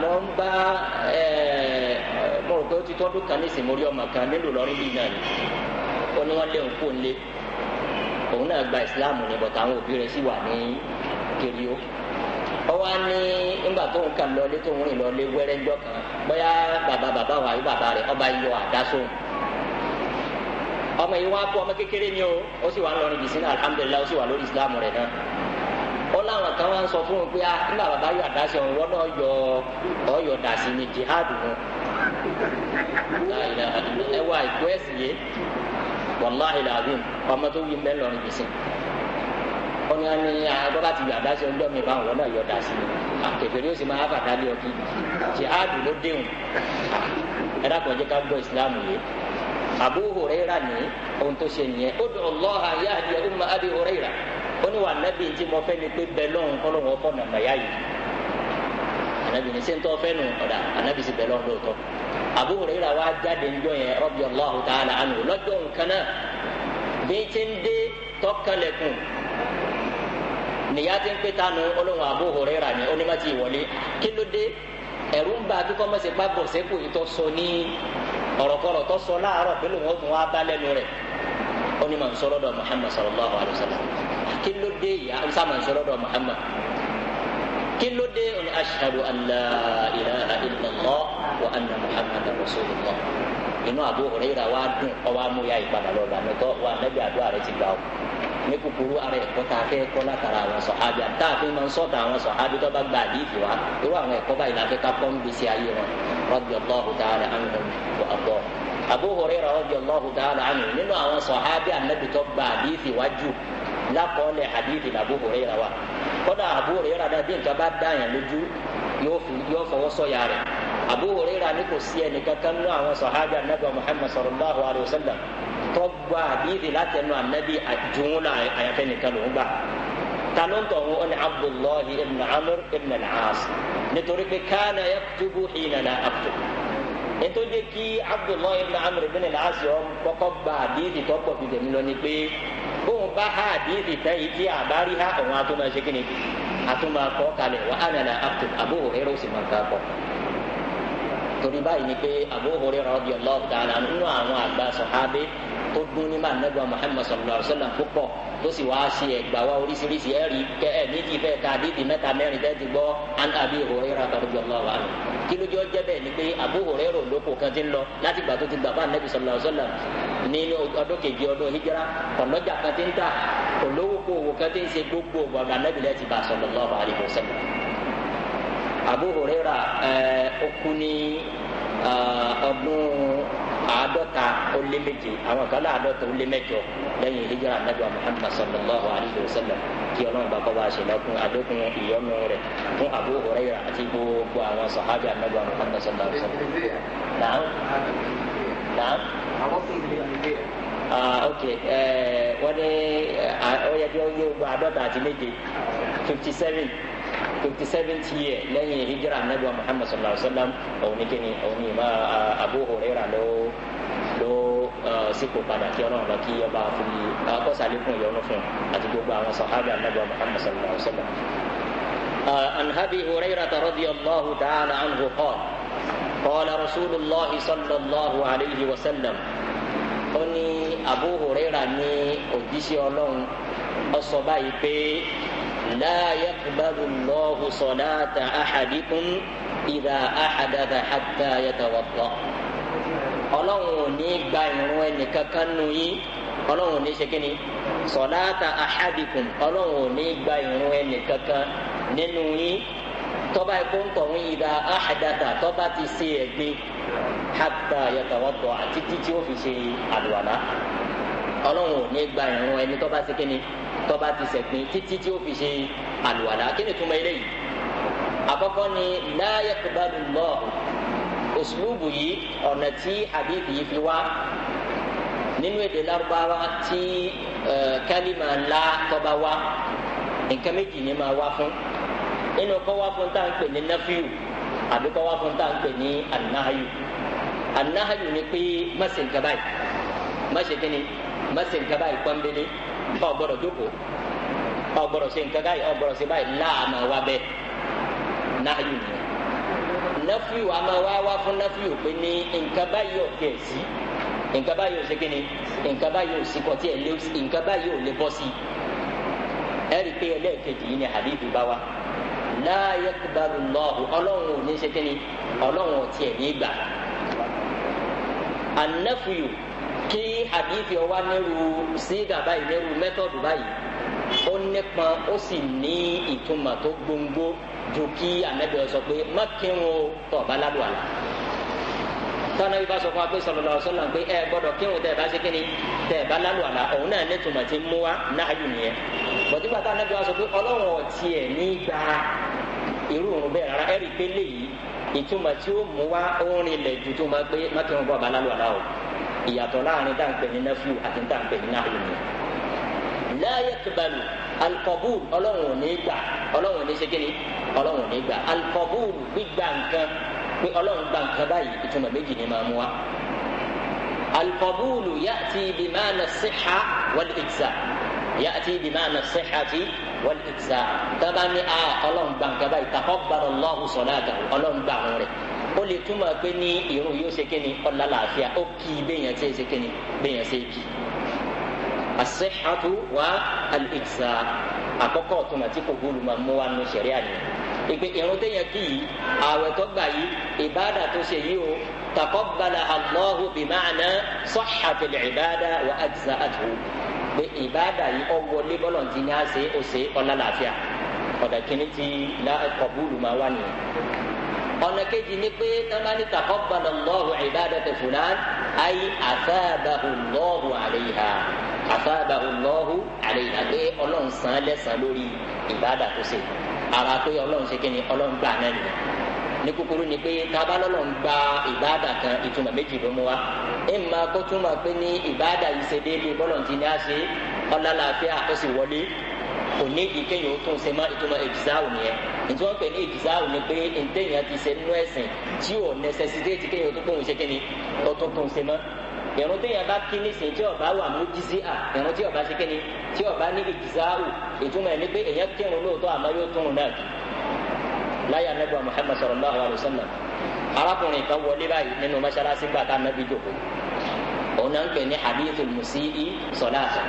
mọ̀ ń bá mo rò pé ó ti tọ́dún kan ní ìsìnmórí ọmọ kan nílò lọ́rí bíi náà ni ó ní wọ́n lé òun kó ń lé òun náà gba ìsìláàmù ni bọ̀tà àwọn òbí rẹ̀ sì wà ní kéré ó ọwọ́ ní nígbà tó ń kàn lọlé tó ń rìn lọlé wẹ́rẹ́ ńjọ́ kan bóyá bàbá bàbá wa yí bàbá rẹ̀ ọba yọ àdásó ọmọ yìí wá kó ọmọ kékeré ni o ó sì wà ń lọrin bìsí náà alhamdulilayi ó sì wà lórí islam rẹ̀ náà ó láwọn kan wá ń sọ fún un pé ah, nígbà bàbá yọ àdásí ọ̀hún wọ́n náà yọ ọ̀yọ̀ dàsí ni jihad mu ẹ wá ìgbọ́ ẹ̀sìn yé wàláhìlá àdúm ọmọ tó wí ń bẹ́ lọrin bìsí wọn yà ni àádọ́ láti yọ àdá sí ọjọ́ mi báwọn lọ́nà yọ ọ̀dá sí mi àkèfèrè ó sì máa fàdá lé ọkì ṣe áàdù ló déhùn ẹ dákun ká gbọ́ ìsìláàmù yìí Abu Huraira ní ohun tó ṣe nìyẹn ó dùn ọlọ́ha yá àdìyẹ umma Abi Huraira ó ní wà nẹ́bí tí mo fẹ́ ni pé bẹ́ẹ̀ lọ́hùn kọ́lọ́hùn ọkọ̀ nàmà yá yìí ànábì ní sẹ́ńtọ́ fẹ́ nù ọ̀dà ànábì sì bẹ́ẹ̀ lọ́hùn lóòótọ́ Abu Huraira wá jáde ńjọ yẹn radiyallahu ta'ala anhu lọ́jọ́ nǹkan náà bí ti ń dé tọ́kànlẹ̀kùn àníyá ti ń pé tánu olóhùn Abu Hurairah ni onímọ̀ ti wọlé kí ló dé ẹ̀rú ń ba akíkọ́ mọ̀sẹ̀ pa bọ̀sẹ̀kù yìí tó sọ ní ọ̀rọ̀kọ̀rọ̀ tó sọ láàárọ̀ pé lòun ó tún bá lẹ́nu rẹ̀ onímọ̀ nsọ́lọ́dọ̀ Muhammad sallallahu alayhi wa sallam kí ló dé yìí àwùsá mọ̀ nsọ́lọ́dọ̀ Muhammad kí ló dé ọ̀nà ashhadu an illallah wa anna Muhammadan rasulullah inú Abu Hurairah wa dùn ọwọ́ amúyá ìpadà lọ́dọ̀ àmì tó wà nẹ́bí ní kúkúrú ara ẹ̀kọ́ tá a fẹ́ kọ́ látara àwọn sọ̀hábì àti tá a fi máa ń sọ̀tà àwọn sọ̀hábì tó bá gba àdìsí wa irú àwọn ẹ̀kọ́ báyìí la fẹ́ ká pọ́n gbèsè ayé wọn radiyallahu ta'ala anhum wa àbọ̀ Abu Hurairah radiyallahu ta'ala anhu nínú àwọn sọ̀hábì ànábì tó gba àdìsí wa jù lakọọlẹ hadithi la Abu Hurairah wa kódà Abu Hurairah náà bí nǹkan bá dáyàn lójú yóò fọwọ́ sọ̀yà rẹ̀ Abu Hurairah ní kò sí Muhammad sallallahu alayhi wa sallam tọgba hadithi látẹnu anabi junwuna àyàfẹ́ nìkan ló ń gbà tanúntọ̀ wọn ni abdullahi ibn amr ibn al-aas nítorí pé kánà yaktubu hina la aktubu nítorí kí abdullahi ibn amr ibn al-aas yọ kọ́kọ́ gba hadithi tọ́pọ̀ fi tẹ̀mí lọ ni bá ha hadithi tẹ́ yìí tí a ha òun atúmọ̀ ṣe kí ni atúmọ̀ kọ́ wa ana la aktubu àbúrò hẹ́rọ̀ sì máa ká kọ́ torí báyìí ni pé Abu Hurairah radiyallahu ta'ala nínú àwọn àgbà sọ̀hábẹ́ tó dún ní ma nẹ́gbà Muhammad sallallahu alayhi wa sallam púpọ̀ tó sì wáá ṣe ẹgbà wa oríṣiríṣi ẹ̀rí kẹ ẹ̀ méjì fẹ́ ka àdéhìí mẹ́ta mẹ́rin bẹ́ẹ̀ ti gbọ́ an Abi Hurairah radiyallahu anhu kí ló jọ jẹ́ bẹ́ẹ̀ ni pé Abu Hurairah lóko kan ti ń lọ láti gbà tó ti gbà fún anabi sallallahu alayhi wa sallam ní ọdún kejì ọdún hijira ọlọ́jà kan ti ń ta olówó kó Abu àádọ́ta ó lé méje àwọn kan láàádọ́ta ó lé mẹ́jọ lẹ́yìn hijira anabi muhammad sallallahu alayhi wa sallam kí ọlọ́run bá kọ́ba ṣe lọ́kùn àdókùn ìyọnu rẹ̀ fún abu huraira àti gbogbo àwọn sàhábì anabi muhammad sallallahu alayhi wa sallam. naam naam. ah ok eh, wọ́n ní ọ̀yẹ́dẹ́ ah, ó yẹ gbogbo àádọ́ta àti méje fifty seven fifty seventh year lẹ́yìn hijira anabi muhammad sallallahu alaihi wa sallam òun ni kini òun ni ma abu huraira ló ló sípò padà kí ọlọ́run lọ kí ọba fún mi akọ́sàlékún ìyọnu fún àti gbogbo àwọn sọ̀hábì anabi muhammad sallallahu alaihi wa sallam. عن ابي هريره رضي الله تعالى عنه قال قال رسول الله صلى الله عليه وسلم ó ní abu huraira ní òjíṣẹ́ ọlọ́run ó sọ báyìí pé لا يقبل الله صلاة أحدكم إذا أحدث حتى يتوضأ ọlọ́run ò ní gba ìrun ẹnìkankan nù yín ọlọ́run ò ní ṣe kí ni sọ̀láàtà ahadikum ọlọ́run ò ní gba ìrun ẹnìkankan nínú yín tọ́ba ikú ń tọ̀hún ìdá ahadata tọ́ba ti ṣe ẹ̀gbin hatta yatawadda àti títí ó fi ṣe àlùwàlá ọlọ́run ò ní gba ìrun ẹni tọ́ba ṣe kí ni tọ́ba ti sẹ̀gbìn títí tí ó fi ṣe àlùwàlà kí ni túmọ̀ eléyìí àkọ́kọ́ ni láyé kubalu lọ òṣùlùbù yìí ọ̀nà tí àbíbí yìí fi wá nínú èdè lárúbáwá tí kálímà ńlá tọ́ba wá nǹkan méjì ni máa wá fún nínú kọ́ wá fún tá à ń pè ní nafiu àbí kọ́ wá fún tá à ń pè ní anahayu anahayu ni pé má ṣe nǹkan báyìí má ṣe ọ gbọ́dọ̀ jókòó ọ gbọ́dọ̀ ṣe nǹkan báyìí ọ gbọ́dọ̀ ṣe báyìí láàmà wa bẹ náàyò nìyẹn nafiu àmà wa wá fún nafiu pé ní nǹkan báyìí ọ̀kẹ́ sí nǹkan báyìí ò ṣe kíni nǹkan báyìí ò sí kọtí ẹ lé nǹkan báyìí ò lè bọ́ sí ẹ̀rí pé ẹlẹ́ẹ̀kejì yìí ni habibu bá wa láàyè kubaru lọ́ọ̀hù ọlọ́run ò ní ṣe kíni ọlọ́run ní gbà kí hadithi ọwa nẹ́rù sígà báyìí nẹ́rù mẹ́tọ́dù báyìí ó nípọn ó sì ní ìtumọ̀ tó gbòǹgbò ju kí anabi sọ pé má kírun o tọ́nà bí bá sọ fún wa pé sọlọ́lá ọ̀sọ́lá pé ẹ gbọ́dọ̀ kírun tẹ̀ bá ṣe kíni tẹ̀ bá lálù àlà òun náà ní tùmọ̀ tí ń mú wa náà yù nìyẹn bọ̀dúgba tá anabi wa sọ pé ọlọ́run ọ̀tí ní gba irú òun bẹ́ẹ̀ rárá ẹ̀rí pé léyìí ìtumọ̀ tí ó mú wa ó rinlẹ̀ ju tó máa gbé má kírun bá lálù àlà o ìyàtọ̀ láàrin dáńpẹ̀ ní náfù àti dáńpẹ̀ ní náhùn ni. láyé kìbalù alikọ̀bùl ọlọ́run ò ní gbà ọlọ́run ò ní ṣégeni ọlọ́run ò ní gbà alikọ̀bùl gbígbà nǹkan pé ọlọ́run gba nǹkan báyìí ìtumọ̀ méjì ni máa mú wa. alikọ̀bùl yàtì bìmánà síxa wọlé ìtìsà yàtì bìmánà síxa ti wọlé ìtìsà tábà ní a ah, ọlọ́run gba nǹkan báyìí tàkọ́ gbàdọ̀ lọ́hùn sọ̀dá ó lè túmọ̀ pé ní irun yóò ṣe kíni ọ̀la làáfíà ó kì í béèyàn ṣe é ṣe kíni béèyàn ṣe é kì í. as-sihhatu wa al-iksa àkọ́kọ́ ọ̀túnmà tí kò gbóòlù máa mú wa nù sẹ̀ríà nìyẹn. ìpè irun téèyàn kì í ààwẹ̀ tó gbà yìí ìbáàdà tó ṣe yìí o taqabbala Allahu bi ma'na sihhat al-ibada wa ajza'athu pé ìbáàdà yìí ọ̀wọ́lé bọ́lọ̀ntì ni a ṣe ó ṣe ọ̀la làáfíà ọ̀dà kìíní ti la qabulu máa nìyẹn ọ̀nà kejì ni pé tamani takọ́bala lọ́hùn ìbádọ́tẹ̀ fúnan ayé àfáàbàhùn lọ́hùn àríyá àfáàbàhùn lọ́hùn àríyá pé ọlọ́run san lẹ́sàn lórí ìbádà tó ṣe ara pé ọlọ́run ṣe kí ni ọlọ́run gbà náà nìyẹn ní kúkúrú ni pé tábà lọ́lọ́run gba ìbádà kan ìtumọ̀ méjì ló mú wa ẹ máa kó túmọ̀ pé ní ìbádà yìí ṣe déédéé bọ́lọ̀ ti ní á ṣe kò ní èdè kéèyàn ó tún ṣe má ìtumọ̀ ìdìsáwò nìyẹn nítorí wọn pè ní ìdìsáwò ni pé ntẹ̀yìn àti ṣe nínú ẹ̀sìn tí ò nẹsẹsidéètì kéèyàn ó tún kóhun ṣe kíni ó tún tún ṣe má ìrun téèyàn bá kí nísìnyí tí ọba wà mú jíjí à ìrun tí ọba ṣe kíni tí ọba ní ìdìsáwò ìtumọ̀ ẹni pé èèyàn kírun lóòótọ́ àmọ́ yóò tún un náà kí láyà nẹ́gbà Muhammad sallallahu alayhi wa sallam arákùnrin kan wọlé báyìí nínú mọ́ṣáláṣí gbàtà nàbí jòkó òun náà ń pè ní hadithul musii sọláàtà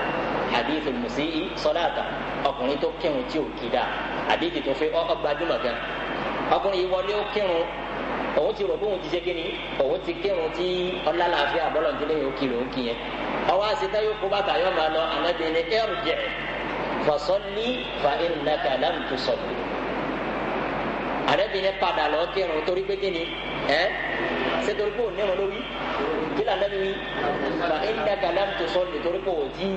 hadithu musii sọláàtà ọkùnrin tó kírun tí ò kí dáa àdéhìí tó fi ọ gbajúmọ̀ gan ọkùnrin yìí wọlé ó kírun òun ti rò pé òun ti ṣe kíni òun ti kírun tí ọlá làáfíà bọ́lọ̀ nílé yóò kiri òun kì yẹn ọwọ́ àṣetá yóò kó bàtà yóò máa lọ anábìrin ẹrù jẹ fasọ́lì fa ìnàkà lámùtò sọ̀tò anábìrin padà lọ kírun torí pé kíni ẹ́ sẹ́tọ́rí pé òní ọmọ ló wí kí lànà mi wí mà ń dá kàlám tó sọ nítorí pé òtí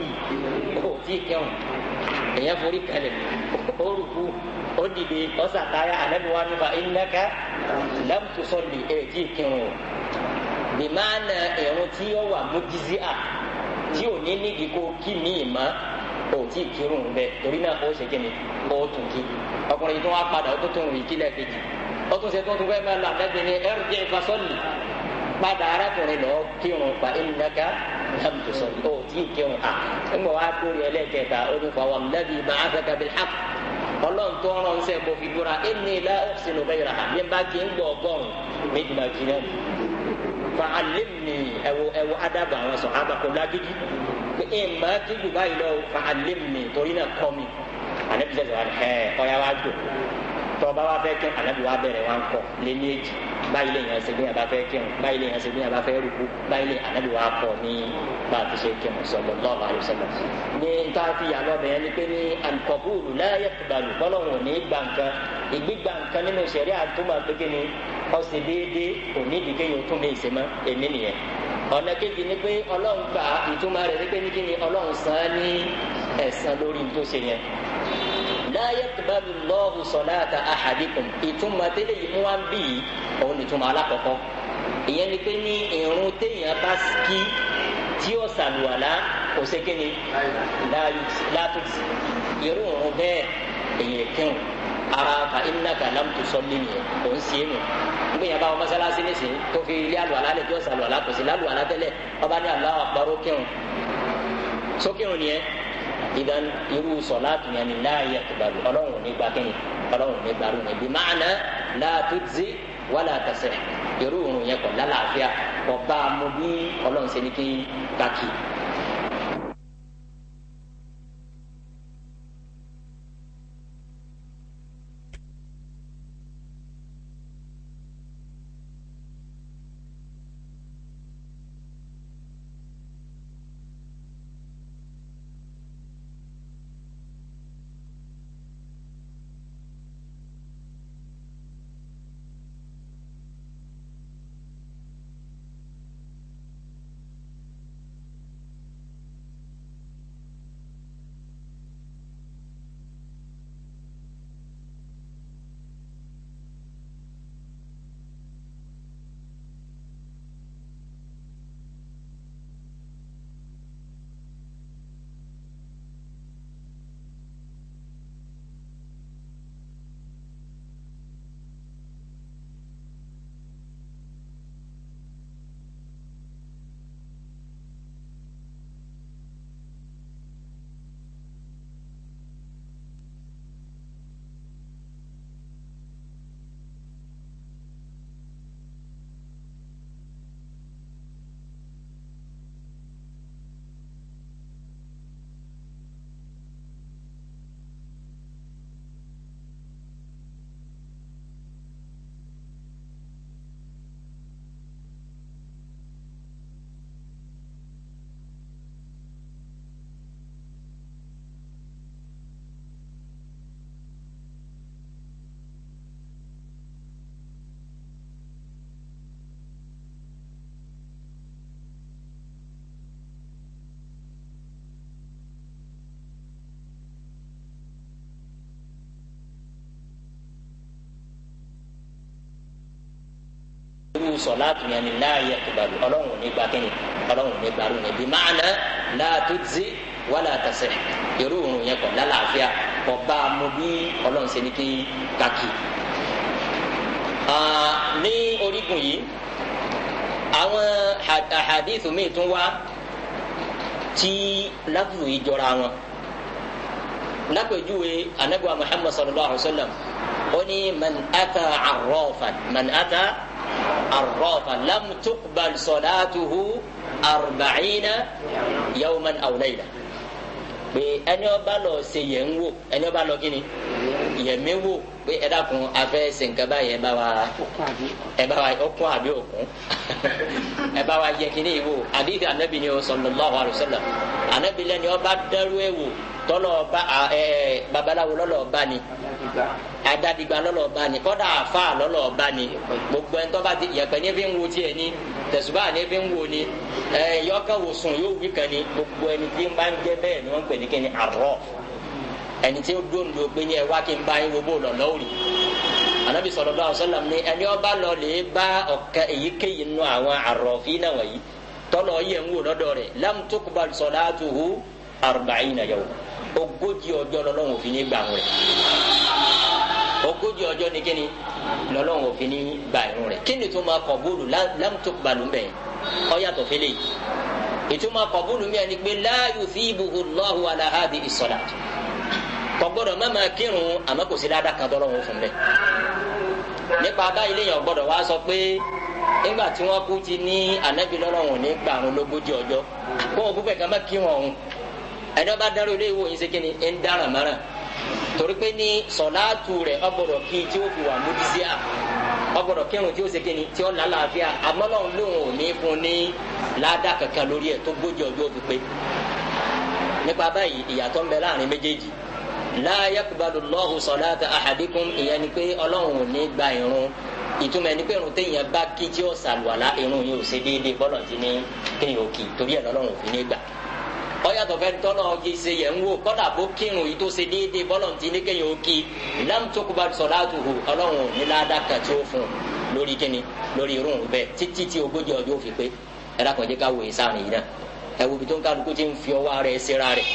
òtí kẹrùn èèyàn forí kalẹ̀ ó rùkú ó dìde ọ̀sàtàyà ànábi wa mi mà ń dá ká lám tó sọ ní èjì kẹrùn bìmánà ẹ̀rùn tí ó wà mójísí à tí ò ní torí náà ó ṣe kí kí ọkùnrin tó wá padà ó tó ń rìn kílẹ̀ kejì ó tún ṣe tó tún fẹ́ máa lọ ànábì ní ẹrùjẹ ìfasọ́lì padà arákùnrin lọ kírun pa ìnáka lam tusọ́lì ó tí ì kírun à ń bọ̀ wá dórí ẹlẹ́kẹta ó ní fa wàm lẹ́bi màá fẹ́ka bil haqq ọlọ́run tó rán ṣe kò fi búra ẹni ilá ọ̀sìnù bẹ́ẹ̀ rà bí n bá ti ń gbọ́ ọgọ́rùn méjì máa fi náà fa alẹ́ mi ẹ̀wọ̀ ẹ̀wọ̀ adábọ̀ àwọn sọ̀ lágídí pé ẹ máa kí jù báyìí lọ fa alẹ́ torí náà kọ́ mi ànábi sẹ́sẹ̀ wà ní ẹ̀ ọ̀yà tọba wa fẹ́ kírun anabi wa bẹ̀rẹ̀ wa ń kọ́ lé ní èjì báyìí lèèyàn ṣe bí yàn bá fẹ́ kírun báyìí lèèyàn ṣe bí yàn bá fẹ́ rúkú báyìí lè anabi wa kọ́ ní bá a ti ṣe kírun sọlọ lọ́ọ̀bù àyọ̀sọ̀lọ̀ ní ta fi yà ni pé ní alikọ́bùrù láyé kùbàlù kọ́lọ́hùn ní gbàǹkan ìgbígbàǹkan nínú sẹ̀rí àtúmọ̀ pé kí ni ọ̀sẹ̀ déédéé òní ìdíkéyìí ó tún lè ṣe èmi nìyẹn ọ̀nà kejì ni pé ọlọ́run gbà ìtumọ̀ rẹ̀ ni pé ní kí ni ọlọ́run san án ní ẹ̀san lórí tó ṣe yẹn láyé kubalu lọ́ọ̀hù sọ̀láàtà ahadikum ìtumọ̀ tẹ́lẹ̀ yìí mú wá ń bì í òun ìtumọ̀ alákọ̀ọ́kọ́ ìyẹn ni pé ní irun téèyàn bá kí tí ó sàlùwàlá kò sé kí ni látùsí irú òun bẹ́ẹ̀ èyàn kẹ́hùn ara ka innaka lam tusalli nìyẹn kò ń sí nù gbìyànjú bá wọn mọ́sálásí nísìnyí tó fi ilé àlùwàlá lè tí ó sàlùwàlá kò sí lálùwàlá tẹ́lẹ̀ ọba ní Allahu akbar kẹ́hùn sókè òun idan irú sọláàtù yẹn ni láàyè àtìbàlù ọlọ́run ò ní gba kínní ọlọ́run ò ní gba rúni bí máàna láàtú zi wàlà àtàsẹ irú òrùn yẹn kọ lálàáfíà kọ bá a mú bí ọlọ́run ṣe ní kí káàkiri. sọ̀láàtù yẹn ni láàyè ìbàlù ọlọ́run ní gba kínní ọlọ́run ní gba lónìí bí ma'ana la tujzi wala tasih irú òun yẹn kọ̀ lálàáfíà kọ̀ bá a mú bí ọlọ́run ṣe ní kí kàkì. ní orígun yìí àwọn hadith mi tún wá tí lábùrù yìí jọra wọn lápẹjúwe anabiwa muhammad sallallahu alaihi wa sallam ó man ata arrafan man ata arrafa lam tuqbal salatuhu arba'ina yawman aw layla pé ẹni ọba lọ ṣe yẹn ń wò ẹni ọba lọ kíni yẹmí wò pé ẹ dákun afẹ́ ṣèǹkàbá yẹn bá wa ẹ bá wa ọkùn àbí òkun ẹ bá wa yẹ kíni yìí wò àbí anabi ni sallallahu alaihi wasallam anabi lẹni ọba dẹrú ẹ wò tọlọ ọba ẹ babaláwo lọlọ ọba ni adadigba lọlọ ba ni kódà afa lọlọ ba ni gbogbo ẹntọ bá ti yẹpẹ ní fi ń wo ni tẹsùbà ní fi ń wo ni ẹ yọkẹ wò sùn yóò wí kàn ní gbogbo ẹni tí ń bá ń jẹ bẹ́ẹ̀ ni wọn pè ní kí ni àrọ ẹni tí ó dúró nídò pé ní ẹ wá kí n bá yín wo bó lọlọ òrì anabi sallallahu alaihi wasallam ni ẹni ọba lọ lè bá ọkẹ èyíkéyìí nù àwọn àrọfin náà wọ̀nyí tọlọ yẹ ń wò lọ́dọ̀ rẹ̀ lam tuqbal salatuhu arba'ina yawm ogójì ọjọ́ lọlọrun òfin ogójì ọjọ́ ni kíni lọ́lọ́run òfin ní gba ìrun rẹ̀ kíni tó máa kọ̀ bóòlù lámùtòkùbalù bẹ̀ ọ yàtọ̀ fẹ́lẹ̀ yìí ìtumọ̀ kọ̀bùlù mi pé la yuthibuhu Allahu ala hadi as-salat kò gbọ́dọ̀ má máa kírun àmọ́ kò sí dáadáa kan tọ́lọ́run fún bẹ́ẹ̀ nípa báyìí lèèyàn gbọ́dọ̀ wá sọ pé nígbà tí wọ́n kú ti ní ànábì lọ́lọ́run ní gbàrún lógójì ọjọ́ kó wọn kú fẹ̀ ká má kírun ọ̀hún ẹni wọ́n bá dárò ilé ìwòyìn ṣe kí ni ń dáràn mọ́ràn torí pé ní sọ̀láàtù rẹ̀ ọgbọ̀dọ̀ kí tí ó fi wà múdísíà ọgbọ̀dọ̀ kírun tí ó ṣe kíni tí ó lálàáfíà amọ́lọ́hún lòun ò ní fún ní ládàá kankan lórí ẹ̀ tó gbójú ọjọ́ òbí pé nípa báyìí ìyàtọ̀ ń bẹ láàrin méjèèjì ni pé ọlọ́run ò ní gba ìtumọ̀ ẹni pé irun téèyàn bá kí tí ó ṣàlùwàlá irun ṣe déédéé bọ́lọ̀ ọyàtọ̀ fẹ́ tọ́lọ̀ yìí ṣe yẹn ń wò bó kírun yìí tó ṣe déédéé bọ́lọ̀ ní kéèyàn ó kí lam tuqbal salatuhu ọlọ́run ní ládàkà tí ó fún lórí kíni lórí irun bẹ́ẹ̀ títí tí ogójì ọjọ́ fi pé ẹ dákun ká wòye sáàrin yìí náà ẹ wo tó ń kálukú ti ń fi ọwọ́ rẹ̀ ṣera rẹ̀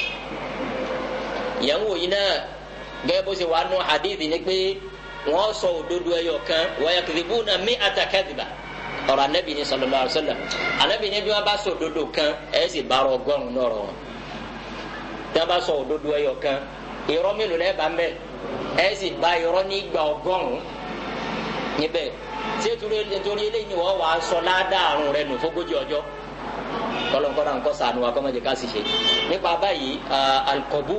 yẹn ń wò náà gẹ́gẹ́ bó ṣe wà nù hadith ni pé wọ́n sọ òdodo ẹyọ kan wa yakdhibuna mi'ata kadhiba ọ̀rọ̀ anabi ni sallallahu alaihi wasallam anabi ni bí wọn bá sọ òdodo kan ẹ sì bára ọgọ́rùn nọrọ wọn tí wọn bá sọ òdodo ẹyọ kan irọ́ mélòó lẹ bá ń ẹ sì bá irọ́ ní ìgbà ọgọ́rùn níbẹ̀ tí nítorí eléyìí ni wọn wàá sọ ládàárún rẹ nù fógójì ọjọ́ kọlọńkọlọ nǹkan sànù wa kọmọdé ká sì ṣe nípa báyìí alikọbù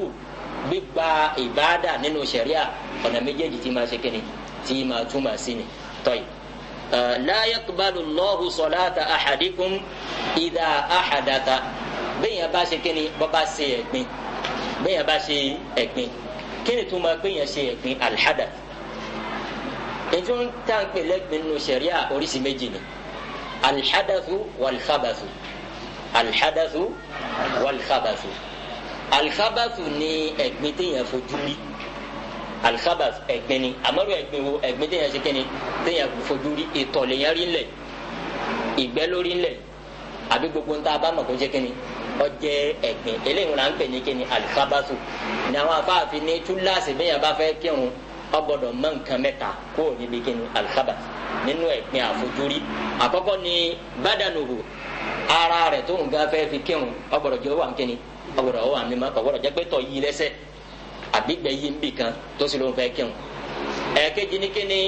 gbígba ìbáàdà nínú ṣẹríà ọ̀nà méjèèjì tí máa ṣe kéde tí máa túmọ̀ sí ni tọ́yìí la yaqbalu Allahu salata ahadikum idha ahadatha bẹ́ẹ̀ yẹn bá ṣe kíni bọ́ bá ṣe ẹ̀gbin bẹ́ẹ̀ yẹn bá ṣe ẹ̀gbin kíni tó máa bẹ́ẹ̀ yẹn ṣe ẹ̀gbin alhadath ètò ń tàn pé lẹ́gbin nínú sẹ̀ríà oríṣi méjì ni alhadathu walkhabathu alhadathu walkhabathu alkhabathu ni ẹ̀gbin téèyàn fojú rí. alikabas ẹ̀gbin ni amadu ẹ̀gbin wo ẹ̀gbin tẹyàn ṣe kẹni tẹyàn fo rí ìtọ̀lẹ̀yàn rí ńlẹ̀ ìgbẹ́ abi gbogbo ń ta bá mọ̀ kó ṣe kẹni ọjẹ́ eléyìí wọn à ń pè ní kẹni alikabasu ní àwọn afáàfin ní túláàsì bẹ́yàn bá fẹ́ kírun ó gbọ́dọ̀ mọ̀ kó o níbi alikabas ni ara tó fi àbígbẹ yìí ń bì kan tó sì ló ń fẹ́ kírun ẹ̀ẹ́kejì ní kíni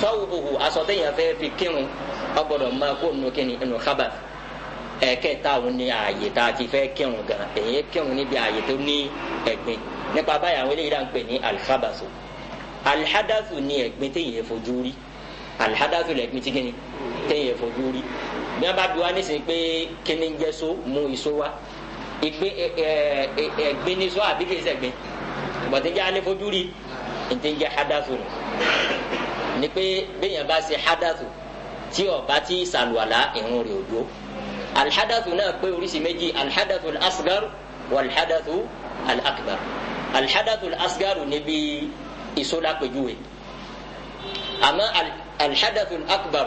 fáwùbùhù asọ̀tẹ̀yìn fẹ́ fi kírun ó gbọ́dọ̀ máa kó nínú kíni inú kábà ẹ̀ẹ́kẹta òun ni ààyè tá a ti fẹ́ kírun gan èyí kírun níbi ààyè tó ní ẹ̀gbin nípa báyìí àwọn eléyìí là ń pè ní alikabaso alihadasu ni ẹ̀gbin téèyàn fojú rí alihadasu lẹ ẹ̀gbin tí kíni téèyàn fojú rí bí wọn bá bí wa nísìnyí pé kíni ń jẹ mú iṣó wa ìgbé ẹgbẹ́ ní sọ àbí kìí sẹ́gbẹ́ bọ̀tẹ́jẹ́ alẹ́fojúrí ìtẹ́jẹ́ hadathu rẹ̀ ni pé bẹ́yẹn bá ṣe hadathu tí ọba ti sàlùwàlà ìrun rẹ̀ òdo alhadathu náà pé oríṣi méjì alhadathu asgar walhadathu alakbar alhadathu asgar níbi ìsọlápẹ̀júwe àmọ́ alhadathu akbar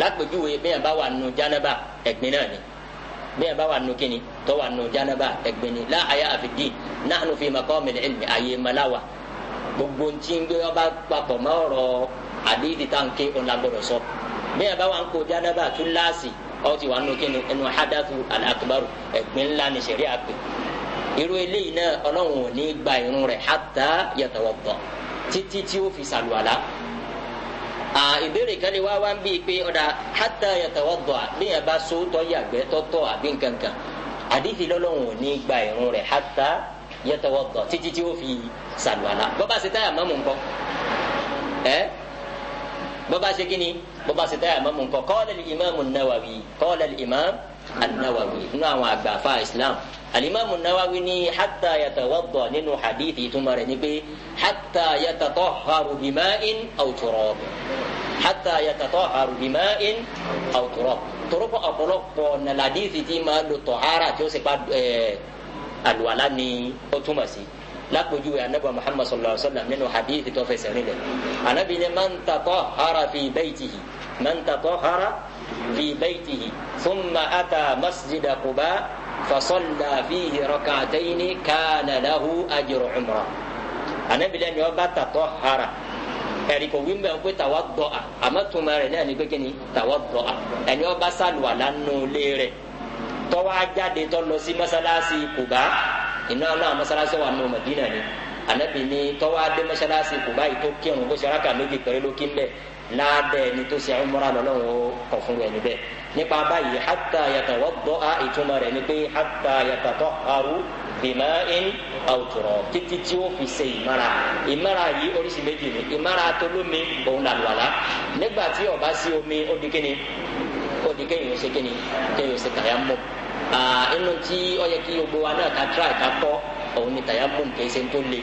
lápẹ̀júwe bẹ́yẹn bá wà nù jánaba ẹ̀gbin náà ni bẹ́ẹ̀ bá wà nù kíni tó wà nù jánaba ẹgbẹ́ni la aya àfìdí nahnu fi maqamil ilmi ayé malawa gbogbo ntí ń gbé ọba papọ̀ mọ́ ọ̀rọ̀ àdéhìí tá n ké ọ̀nà gbọ́dọ̀ sọ bẹ́ẹ̀ bá wà ń kó jánaba túláàsì ọ̀ ti wà nù kíni ẹnu hadathu al-akbaru ẹ̀gbin ńlá ni sẹ̀rí àpè irú eléyìí náà ọlọ́run ò ní gba irun rẹ̀ hatta yatawadda títí tí ó fi sàlùwàlá ìbéèrè kan lè wá wá ń bíi pé ọ̀dà hátà yatawadda bí yẹn bá so tọ́ yàgbẹ́ tọ́tọ́ àbí nkankan àdìsí lọ́lọ́run ò ní gba ìrun rẹ̀ hátà yatawadda títí tí ó fi sàlùwàlà bọ́bá ṣe táyà mọ́mù nǹkan ẹ́ bọ́bá ṣe kíni bọ́bá ṣe táyà mọ́mù nǹkan qala al-imam an-Nawawi qala imam anawawi nínú àwọn àgbàfà islam alimami nawawi ní hata yatawadọ nínú hadithi ìtumọ̀ rẹ̀ ni pé hata yatatọ harubimain awuturọb hata yatatọ harubimain awuturọb toroko ọ̀pọ̀lọpọ̀ naladithi ti máa lo tọhara tí ó sì pa ẹẹ aluwala ni ó túmọ̀ sí lápòjúwe anabi muhammad sallallahu alaihi wa sallam nínú hadithi tó fẹsẹ̀ rinlẹ̀ anabi ni man hara fi bẹ́ẹ̀ tihi man hara. في بيته ثم أتى مسجد قباء فصلى فيه ركعتين كان له أجر عمرة أنا بلان يوبا تطهر ẹ̀rí kò wíńbẹ̀ ń pé tàwa dọ̀ à àmọ́ tuma rẹ̀ náà ní pé kí ni tàwa dọ̀ à ẹni ọba sálùwà lánà ilé rẹ̀ tọ́wọ́ ajáde tọ́ lọ sí mọ́sálásí kùbá iná náà mọ́sálásí wà nù Mẹdínà ni ànábì ni tọ́wọ́ adé mọ́sálásí kùbá yìí tó kírun bó ṣe arákà méjì pẹ̀lú ló kí láàbẹ̀ ni tó ṣe umra lọ́wọ́ kọ̀ fún ẹni bẹ́ẹ̀ nípa báyìí hatta yatawadda'a ìtumọ̀ rẹ̀ ni pé hatta yatatahharu bima'in aw turab títí tí ó fi ṣe imara. Imara yìí oríṣi méjì ni ìmára tó lómi òun là lọ́la nígbà tí ó bá sí omi ó di kíni ó di kéèyàn ṣe kíni kéèyàn ṣe tayammum inú tí ó yẹ kí gbogbo wa náà ká tíra ká kọ́ òun ni tayammum kì í ṣe tó le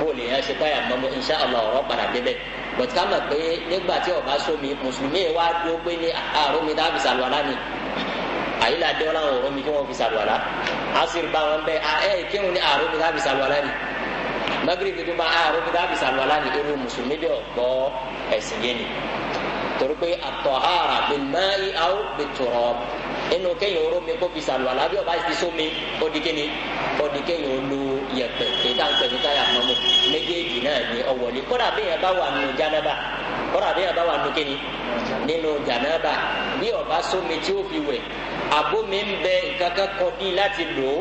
bó lè yẹn ṣe tayammum insha Allah ọ̀rọ̀ padà débẹ̀ bọ̀tí ká mọ̀ pé nígbà tí ọba sómi mùsùlùmí wa dúró pé ní àárọ̀ ah, mi dábì sàlùwàlá ni àyílà dé ọlọ́run ọ̀rọ̀ mi kí wọ́n fi sàlùwàlá àṣírí bá wọn bẹ ah, ẹ kírun ní àárọ̀ mi dábì sàlùwàlá ni ah, magrebi tó bá àárọ̀ mi dábì sàlùwàlá ni irú mùsùlùmí bẹ ọ̀gbọ́ ẹ̀sìn yé ni torí pé àtọ̀hárà bil ma'i aw bit turab inú kéèyàn oró mi kó fi sàlùwàlá yẹ̀pẹ̀ èyí tá à táyà mọ́mọ́ méjèèjì náà ni ọ̀wọ́lé kọ́dà bí yẹn bá wà nù jánábà kọ́dà bí yẹn bá wà nù kíni nínú jánábà bí ọba sómi tí ó fi wẹ̀ àbómi ń bẹ nǹkan kan kọ́ láti lò ó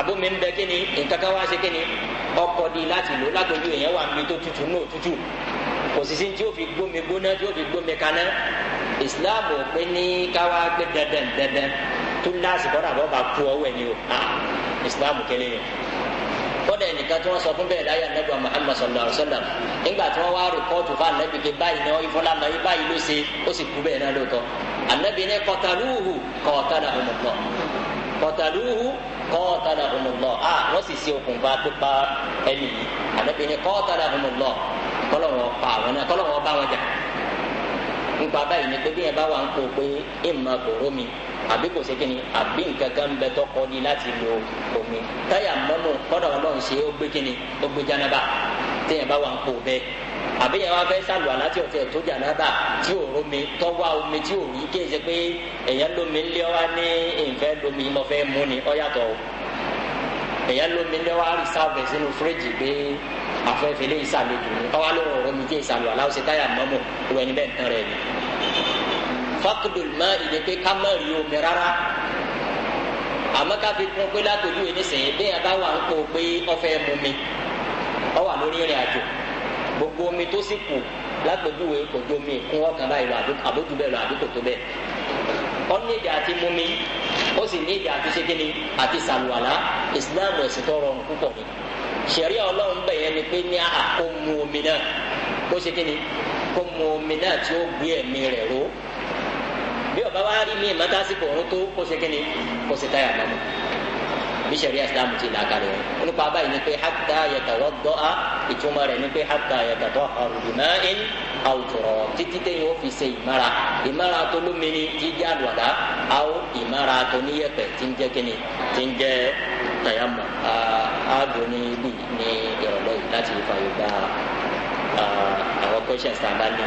àbómi ń bẹ kíni nǹkan wá ṣe kíni ọkọ̀ di láti lò látọjú èèyàn wà mí tó tutù náà tutù kò sì sí tí ó fi gbómi gbóná tí ó fi gbómi kaná Islam ò pé ní káwá gbé dandan dandan tó láàsì kọ́dà bọ́ bá ku ọwọ́ ẹ̀ ni o. Ah islam kele yẹn kọ́dà ẹnìkan tí wọ́n sọ fún bẹ́ẹ̀ láyà nẹ́gbà muhammad sallallahu alayhi wa sallam nígbà tí wọ́n wá rìpọ́ọ̀tù fún anabi pé báyìí náà ìfọlámà yìí báyìí ló ṣe ó sì kú bẹ́ẹ̀ náà lóòótọ́ anabi ní kọtàlúhù kọ́ọ̀tàlà ọmọlọ kọtàlúhù kọ́ọ̀tàlà ọmọlọ a wọ́n sì ṣe okùnfà pípa ẹni yìí anabi ní kọ́ọ̀tàlà ọmọlọ kọ́lọ́wọ́n pa àwọn náà kọ́lọ́wọ́n bá wọn jà nípa báyìí ni pé bí yẹn bá wà ń kó pé ẹ mọ kòró mi àbí kò sí kíni àbí nǹkan kan bẹ tọkọ ni láti lo omi táyà mọ́mọ́ kọ́dọ̀ ọlọ́run ṣe ó gbé kíni ó gbé jánábà téèyàn bá wà ń kó bẹ́ẹ̀ àbí yẹn wá fẹ́ sàlù àlá ọ̀tẹ̀ tó jánábà tí ò romi tọ́wá omi tí ò rí kí ẹ ṣe pé èèyàn lómi ńlẹ́ wá ní ìfẹ́ lómi lọ́fẹ́ mú ni ó yàtọ̀ o èyàn lómi ní wàá rí sáfẹ sínú fúrẹ́jì pé afẹ́fẹ́ lè ṣàlejò ní káwá ló rọrọ mi jẹ́ ìsàlù aláwọ̀ ṣe táyà mọ́mọ́ ìwọ ẹni bẹ́ẹ̀ tán rẹ̀ ni. fakidul ma ìdè pé ká má rí omi rárá àmọ́ ká fi kún pé látòjú yìí nísìnyí bí yàrá wà ń kó pé ọfẹ́ mu mi ọ wà lórí ìrìn àjò gbogbo omi tó sì kù látòjú yìí kò ju omi ìkún ọkàn báyìí lọ àbójú bẹ́ẹ̀ lọ àbí kò tó bẹ́ẹ̀ nídìí àti mumi ó sì nídìí àti ṣégeni àti sàlùwàlà ìsìláàmù ẹ̀sìn tó rọrùn púpọ̀ ni sẹ̀ríà ọlọ́run bẹ̀ yẹn ni pé ní àkó mu omi náà kó ṣégeni kó mu omi náà tí ó gbé ẹ̀mí rẹ̀ ró bí ọba wa rí mi ìmọ̀tásíkò ọ̀run tó kó ṣégeni kó ṣe táyà àbí sẹ̀ríà ìsìlámù ti làákàlẹ̀ wọn. olùkọ́ abáyé ni pé hàtà yàtàwọ́ dọ́à ìtumọ̀ rẹ̀ ni pé hàtà yàtàwọ́ àrùbìmọ́ ẹ̀ń àwùjọ̀rọ̀ títí téyìn ó fi ṣe ìmára ìmára tó lómi ni ti jẹ́ àlùwàlá àwọn ìmára tó níyẹ̀pẹ̀ ti ń jẹ́ kíni ti ń jẹ́ tayamọ aado ní ibi ní ìrọ̀lẹ́ yìí láti fa yorùbá àwọn questions tá ní.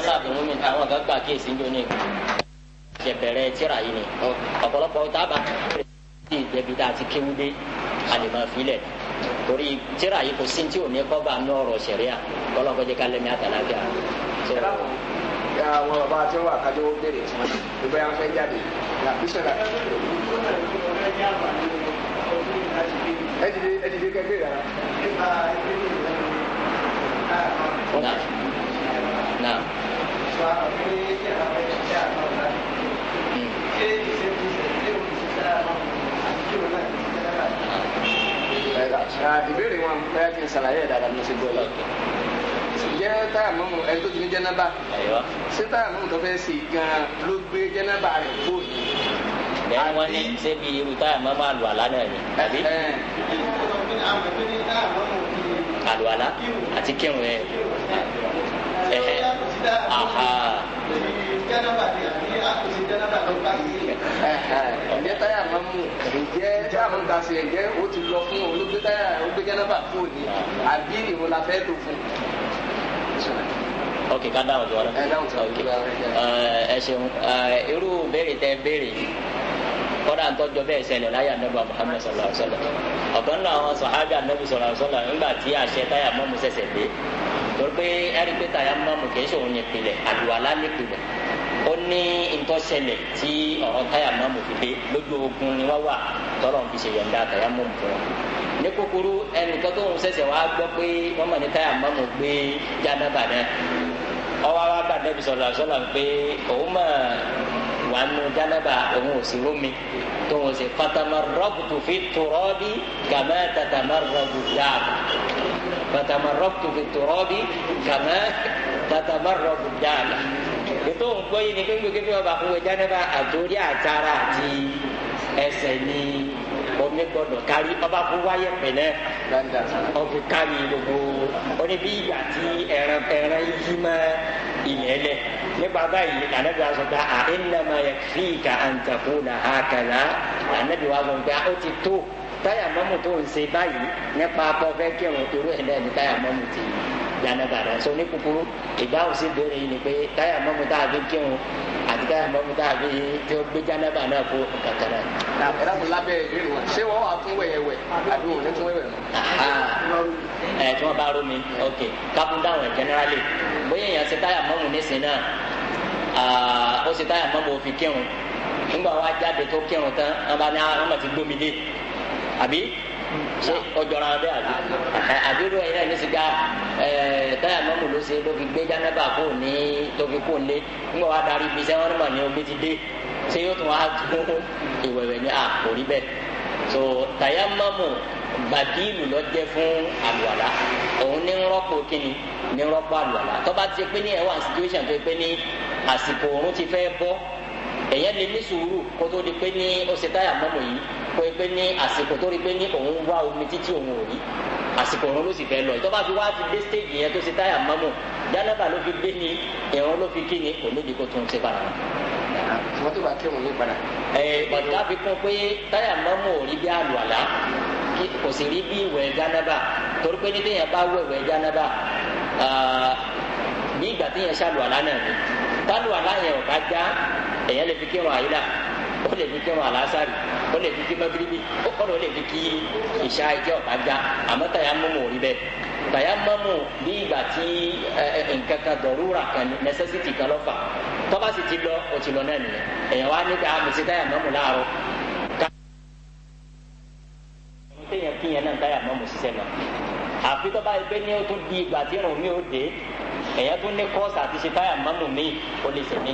ìrún mi àwọn kan gbà kí èsì ń jóni jẹbẹrẹ tíra yìí ni ọ̀pọ̀lọpọ̀ tábà tí ìjẹbi tá a ti kéwu dé a lè máa filẹ̀ torí tíra yìí kò sí tí ò ní kọ́ bá ní ọ̀rọ̀ sẹ̀ríà kọ́lọ́kọ́jẹ́ ká lẹ́mí àtàlágà. àwọn bàbá tí wọn wà kájọ ó béèrè tí wọn gbogbo yà ń fẹ́ jáde làbí sọ̀rọ̀. ẹ ti di ẹ ti di kẹ́kẹ́ rẹ̀ náà. náà ìbéèrè wọn bóyá kí n ṣàlàyé ẹ̀ dáadáa mo ṣe gbọ́ yìí jẹ́ táàmù ẹni tó ti ní jẹ́nàbà ṣé táàmù tó fẹ́ ṣe gan-an ló gbé jẹ́nàbà rẹ̀ fóònù. bẹ́ẹ̀ wọ́n ní ṣé bí táàmù máa lù àlá náà ni àbí. àlùwàlá àti kírun ẹ̀ ǹjẹ́ táyà máa Dia aku táyà máa ń ta Eh, dia tanya mem. lọ fún olóògbé táyà olóògbé jẹ́nàbà fún òní àbí ìwọ la fẹ́ lò fún. ok ká dáhùn tó wà lọ. ẹ dáhùn tó wà lọ. ẹ ṣeun irú béèrè tẹ béèrè kọ́dà ń tọ́jọ́ bẹ́ẹ̀ ṣẹlẹ̀ láyà nẹ́bà muhammed sallallahu alayhi wa sallam ọ̀kan náà àwọn sọ̀hábì ànẹ́bì sallallahu alayhi wa sallam nígbà tí àṣẹ táyà mọ́mú ṣẹ̀ṣẹ̀ dé pé ẹ̀rí pé tàyà mọ́mù kìí ṣe òun nìpìlẹ̀ àlùwàlá nìpìlẹ̀ ó ní ntọ́sẹlẹ̀ tí ọ̀rọ̀ tàyà mọ́mù fi dé lójú ogun ni wọ́n wà tọ́lọ̀ fi ṣe yọ̀ǹda tàyà mọ́mù fún wọn ní kúkúrú ẹnìkan tó ń ṣẹ̀ṣẹ̀ wá gbọ́ pé wọ́n mọ̀ ní tàyà mọ́mù gbé jánábà náà ọwọ́ wa bá nẹ́bí sọ̀rọ̀ sọ̀rọ̀ pé òun mọ̀ wà nù òun ò sí rómi tó ń ṣe fatamarọ́bù fi tòrọ́ bí gàmẹ́ tatamarọ́bù dáàbò bàtàmárọ́pù fìtòrọ́bì kàmá bàtàmárọ́pù dáàbà ètò òǹkọ́ yìí ni pínpín kí wọ́n bá fún wẹjá nípa àtòrí àtàrà àti ẹsẹ̀ ní omi gbọdọ̀ kárí ọba fún wáyé pẹ̀lẹ́ ọfi lugu, gbogbo oní bí ìgbà tí ẹran ẹran yí mọ́ ilẹ̀ lẹ̀ nípa báyìí ànábi wa sọ pé à ń nàmọ́ yẹ dia àǹtàkùn nà ha táyà mọ́mù tó ń ṣe báyìí nípa akọ fẹ́ kírun irú ẹ̀ náà ni táyà mọ́mù ti yànnà bàdà so ní kúkúrú ìdáhùn sí ìbéèrè yìí ni pé táyà mọ́mù tá a fi kírun àti táyà mọ́mù tá a fi tí ó gbé jánábà náà kó kàkàrà. ẹ̀rọ kò lábẹ́ ìbéèrè wọn ṣé wọ́n wà fún wẹ̀yẹ̀wẹ̀ àbí wọn ò ní fún wẹ̀yẹ̀wẹ̀ náà. ẹ̀ tí wọ́n bá rú mi ok kápú dáhùn ẹ̀ generally bóyá èèyàn ṣe táyà mọ́mù nísìn náà ó ah, ṣe táyà mọ́mù òfin kírun nígbà wá jáde tó kírun tán wọn bá ní àwọn ọmọ ti gbómi dé àbí ọjọra bẹ àbí àbí irú ẹyin náà ní sika táyà mọ́mù ló ṣe ló fi gbé jánábà kó ní tó fi kó lé ńgbọ́ wa darí ibi sẹ́wọ́n ní mà ní omi ti dé ṣé yóò tún wá tún ìwẹ̀wẹ̀ ní àkórí bẹ́ẹ̀ so táyà mọ́mù bàdílù lọ jẹ́ fún àlùwàlà òun ní rọ́pò kíni ní rọ́pò àlùwàlà tọ́ba ti pé ní ẹ̀wọ̀n situation tó pé ní àsìkò òun ti fẹ́ bọ́ èyàn lè ní sùúrù kó tó di pé ní ó ṣe táyà mọ́mù yìí pé pé ní àsìkò tó rí pé ní òun wá omi títí òun ò rí àsìkò òun ló sì fẹ́ lọ ìtọ́ba fi wá ti dé stéèjì yẹn tó ṣe táyà mọ́mù jánábà ló fi dé ní ẹ̀rọ ló fi kí ni kò lóde kó tún ṣe padà. wọ́n tó bá kí òun ní padà. ẹ bàtà fi kún pé táyà mọ́mù ò rí bí àlùalá kò sì rí bí ìwẹ̀ jánábà torí pé ní téèyàn bá wẹ̀wẹ̀ jánábà ní ìgbà téèyàn ṣàlùalá náà ni tálùalá yẹn ò bá já èèyàn lè fi kírun àyílà ó lè fi kírun àlásàrì ó lè fi kímọ́ bíríbí ó kọ́nà ó lè fi kí ìṣá ìjẹ́ ọ̀tá já àmọ́ tàyà mọ́mú ò rí bẹ́ẹ̀ tàyà mọ́mú bí ìgbà tí nǹkan kan dọ̀rúra kan necessity kan lọ́fà tọ́ba sì ti lọ ó ti lọ náà nìyẹn èèyàn wá níbi àmì tàyà mọ́mú láàárọ̀ téèyàn kíyàn náà táyà mọ́mú ṣiṣẹ́ lọ àfi tó bá yẹ pé ní o tún di ìgbà tí irun mi ò dé èèyàn tún ní kọ́ọ̀sì àti ṣe táyà mọ́mú mi ò lè ṣe mí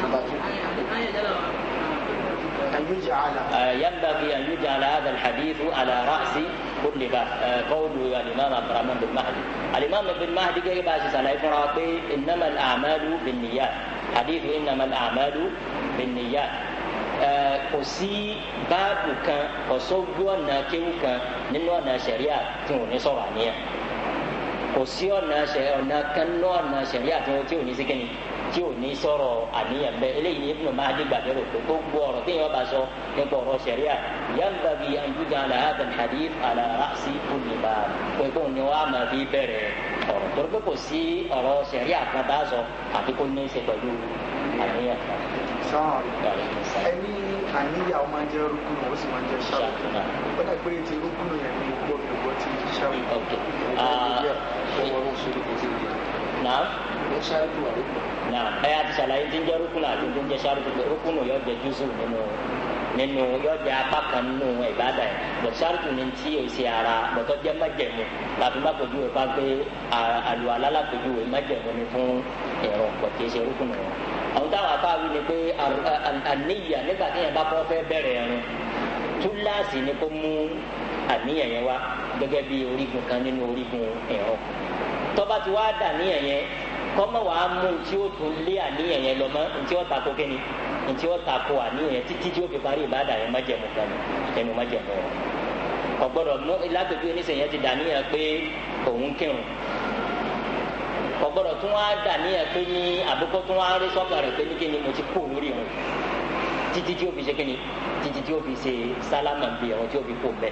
ينبغي أن يجعل هذا الحديث على رأس كل باب آه، قول الإمام عبد الرحمن بن مهدي الإمام بن مهدي جاي باش سلاي إنما الأعمال بالنيات حديث إنما الأعمال بالنيات kò sí báàbù kan kò sójú ọ̀nà kéwù kan nínú ọ̀nà sẹ̀ríà tí ò ní sọ̀rọ̀ àníyàn kò sí ọ̀nà kan nínú tí ò ní sọ̀rọ̀ àníyàn bẹ́ẹ̀ eléyìí ni Ibn Mahdi gbàgbẹ́rò pé gbogbo ọ̀rọ̀ tí bá sọ nípa ọ̀rọ̀ sẹ̀ríà yanbaghi an yuj'ala hadha al-hadith ala ra'si kulli bab pé ni wàá máa fi bẹ̀rẹ̀ ọ̀rọ̀ torí pé kò sí ọ̀rọ̀ sẹ̀ríà kan tá a sọ àfi kó ní í ṣe pẹ̀lú àníyàn. ẹni àníyàn ó máa jẹ́ rúkúnù ó sì máa jẹ́ ṣáà ó dà pé ti rúkúnù yẹn ni gbọ́ mi gbọ́ ti ṣáà mi. ọ̀rọ̀ ṣe é kò sí ìdí. náà ẹ àti sàlàyé tí ń jẹ́ rúkúnù àti tí ń jẹ́ sáàrùkù pé rúkúnù yóò jẹ́ jùsù nínú nínú yóò jẹ́ apá kan nínú ìbádà yẹn bọ̀ sáàrùkù ni tí o ṣe ara bọ̀tọ́ jẹ́ májẹ̀mú láti má kojú rẹ̀ bá gbé àlùwàlá lákojú rẹ̀ májẹ̀mú ni fún ẹ̀rọ pọ̀ kì í ṣe rúkúnù yẹn. àwọn táwọn afáwí ni pé àníyà nígbà tí yẹn bá kọ́ fẹ́ bẹ̀rẹ̀ ẹ̀rùn túláàsì ni kó mú àníyàn yẹn wá gẹ́gẹ́ bí orígun kan nínú orígun ẹ̀rọ tọ́ba ti wá dà níyàn yẹn kọ́mọ wàá mú ntí ó tún lé àníyàn yẹn lọ mọ́ ntí ó tako kẹ́ni ntí ó tako àníyàn yẹn títí tí ó fi parí ìbáda yẹn májẹ̀mú kan ẹnu májẹ̀mú rẹ̀ ọ̀gbọ́dọ̀ mú lágbègbè oníṣẹ̀yẹn ti dà níyàn pé òun kírun ọ̀gbọ́dọ̀ tún wá dà níyàn pé ní àbúkọ́ tún wá rí sọ́kàn rẹ̀ pé ní kí ni mo ti kú lórí òun títí tí ó fi ṣe kí ni títí tí ó fi ṣe sálámà bí ọ̀rọ̀ tí ó fi kó mbẹ́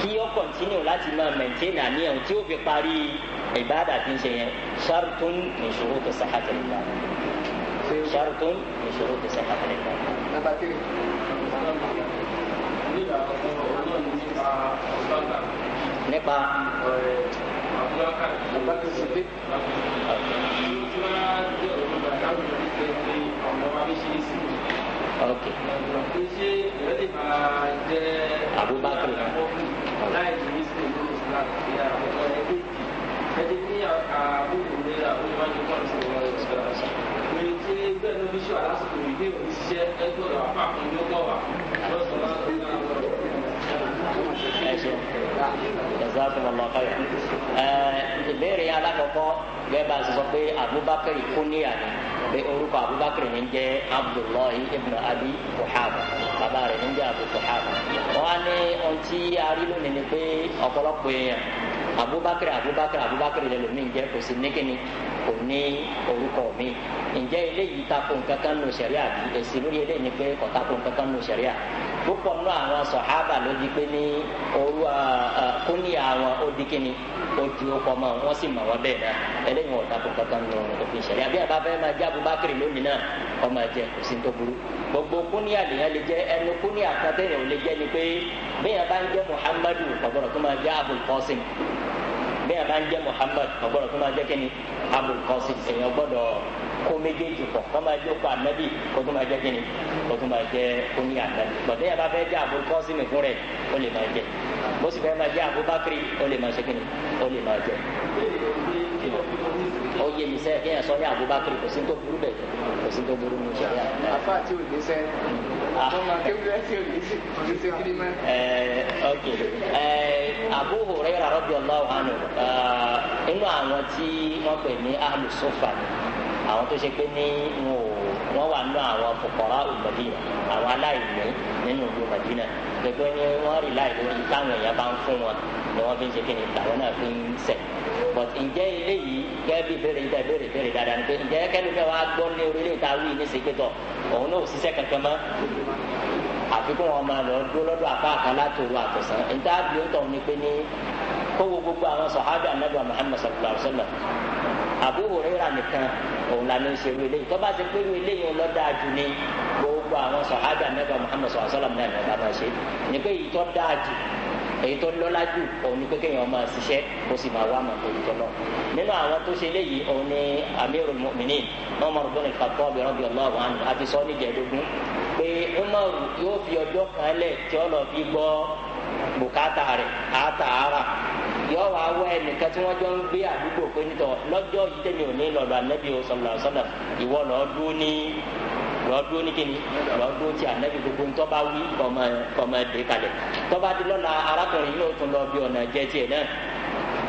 kí ó kọ̀ntínú láti máa mẹ̀ntẹ́nì àníyàn tí ó fi parí ìbáàdà tí ń ṣe yẹn ṣàrùtún min shuruti sihhatil ibadah ṣàrùtún min shuruti sihhatil ibadah. nípa ọ̀rẹ́ ok. Abubakar. Eh, ìbéèrè alákọ̀ọ́kọ́ gẹ́gẹ́ bá a sọ pé Abubakar kúníyà ni pé Abu abubakar ní jẹ́ abdullahi ibn abi kuhaba bàbá rẹ̀ ní jẹ́ abu kuhaba wọ́n ni ní ohun tí a lónìí ni pé ọ̀pọ̀lọpọ̀ èèyàn abubakar abubakar abubakar lẹ́lòmíì ń jẹ́ kò sí níkíní kò ní orúkọ mi ǹjẹ́ eléyìí tako nǹkan kan nù sẹ̀ríà bí èsì lórí eléyìí ni pé kò tako nǹkan kan nù sẹ̀ríà púpọ̀ nínú àwọn sọ̀hábà ló di pé ní orú kúnìyà wọn ó di kíni ó di ọkọ̀ mọ́ wọn sì mọ̀ wọ́n bẹ́ẹ̀ náà ẹlẹ́yìn ọ̀dà kò kankan nù òfin ìṣẹ̀lẹ̀ àbí àbáfẹ́ máa jẹ́ abubakar lónìí náà ọmọ ẹ̀jẹ̀ kò sí tó burú gbogbo kúnìyà lèyàn lè jẹ́ ẹnu kúnìyà kan téèyàn ò lè jẹ́ ni pé bẹ́ẹ̀ bá ń jẹ́ muhammadu ọ̀gbọ́dọ̀ tó máa jẹ́ abul bẹ́ẹ̀ bá ń jẹ́ muhammad ọ̀gbọ́dọ̀ tó máa jẹ́ kíni abul qasim ẹ̀yìn ọgbọ́dọ̀ kó méjèèjì pọ̀ kọ́ máa jẹ́ kó ànábì kó tó máa jẹ́ kíni kó tó máa jẹ́ kó ànábì gbọ̀dọ̀ yàrá fẹ́ jẹ́ àbúrò kọ́sìmì fún rẹ̀ ó lè máa jẹ́ bó sì fẹ́ máa jẹ́ àbúbákiri ó lè máa ṣe kíni ó lè máa jẹ́ ó yé mi sẹ́ kéèyàn sọ ní àbúbákiri kò sí tó burú bẹ̀ kò sí tó burú mi ṣe yá. afa àti òdìsẹ́ ọmọ akéwìrẹ́ sí òdìsẹ́ kiri mẹ́. Eh, ok eh, Abu Hurairah radiyallahu anhu ah, inú àwọn tí wọ́n pè ní ahlus sufa àwọn tó ṣe pé ní wọn wà nínú àwọn fòkọrá olùmọdínà àwọn aláìní nínú olùmọdínà gbẹgbẹ ni wọn rí láì lórí táwọn èèyàn bá ń fún wọn ni wọn fi ń ṣe kí ni tàwọn náà fi ń sẹ but ǹjẹ́ ilé yìí gẹ́gẹ́ bí béèrè ìjà béèrè béèrè dáadáa ni pé ǹjẹ́ kẹ́lú fẹ́ wàá gbọ́ ní orílẹ̀ ìta wí ní sèkétọ̀ òun náà ò ṣiṣẹ́ kankan mọ́ àfikún wọn máa lọ dúró lọ́dọ̀ apá àkàlà tòru àtọ̀sán ìta bí ó tọ̀ ní pé ní kó wo gbogbo àwọn sọ̀hábì anábìà Muhammad sallallahu alayhi wa sallam Abu Hurairah nìkan òun la ní ṣerú eléyìí tọ́ba ṣe pé eléyìí ọlọ́dàá jù ní gbogbo àwọn sọ̀hábà mẹ́fà Muhammad sọ̀rọ̀ sọ́lá mi náà bá ṣe ni pé èyí tọ́ dáa jù èyí tó lọ́lá jù òun ni pé kéèyàn máa ṣiṣẹ́ kó sì máa wá màá tóbi tọ́lọ́ nínú àwọn tó ṣe léyìí òun ni Amirul Mu'minin Umar ibn al-Khattab radiyallahu anhu àti sọ ní jẹ̀dógún pé Umar yóò fi ọjọ́ kan lẹ̀ tí ó fi gbọ́ bùkátà rẹ̀ àtàárà yọ wá wá ẹnìkan tí wọ́n jọ ń gbé àdúgbò pé nítọ̀ lọ́jọ́ yìí tẹ̀mí ò ní lọ́dọ̀ anabi sọlọ sọlọ ìwọ lọ́ọ́ dúró ní lọ́ọ́ dúró ní kíni lọ́ọ́ dúró tí anabi gbogbo ń tọ́ba wí kọ́mọ kọ́mọ dé kalẹ̀ tọ́ba di lọ́la arákùnrin yìí ló tún lọ bí ọ̀nà jẹ́ tiẹ̀ náà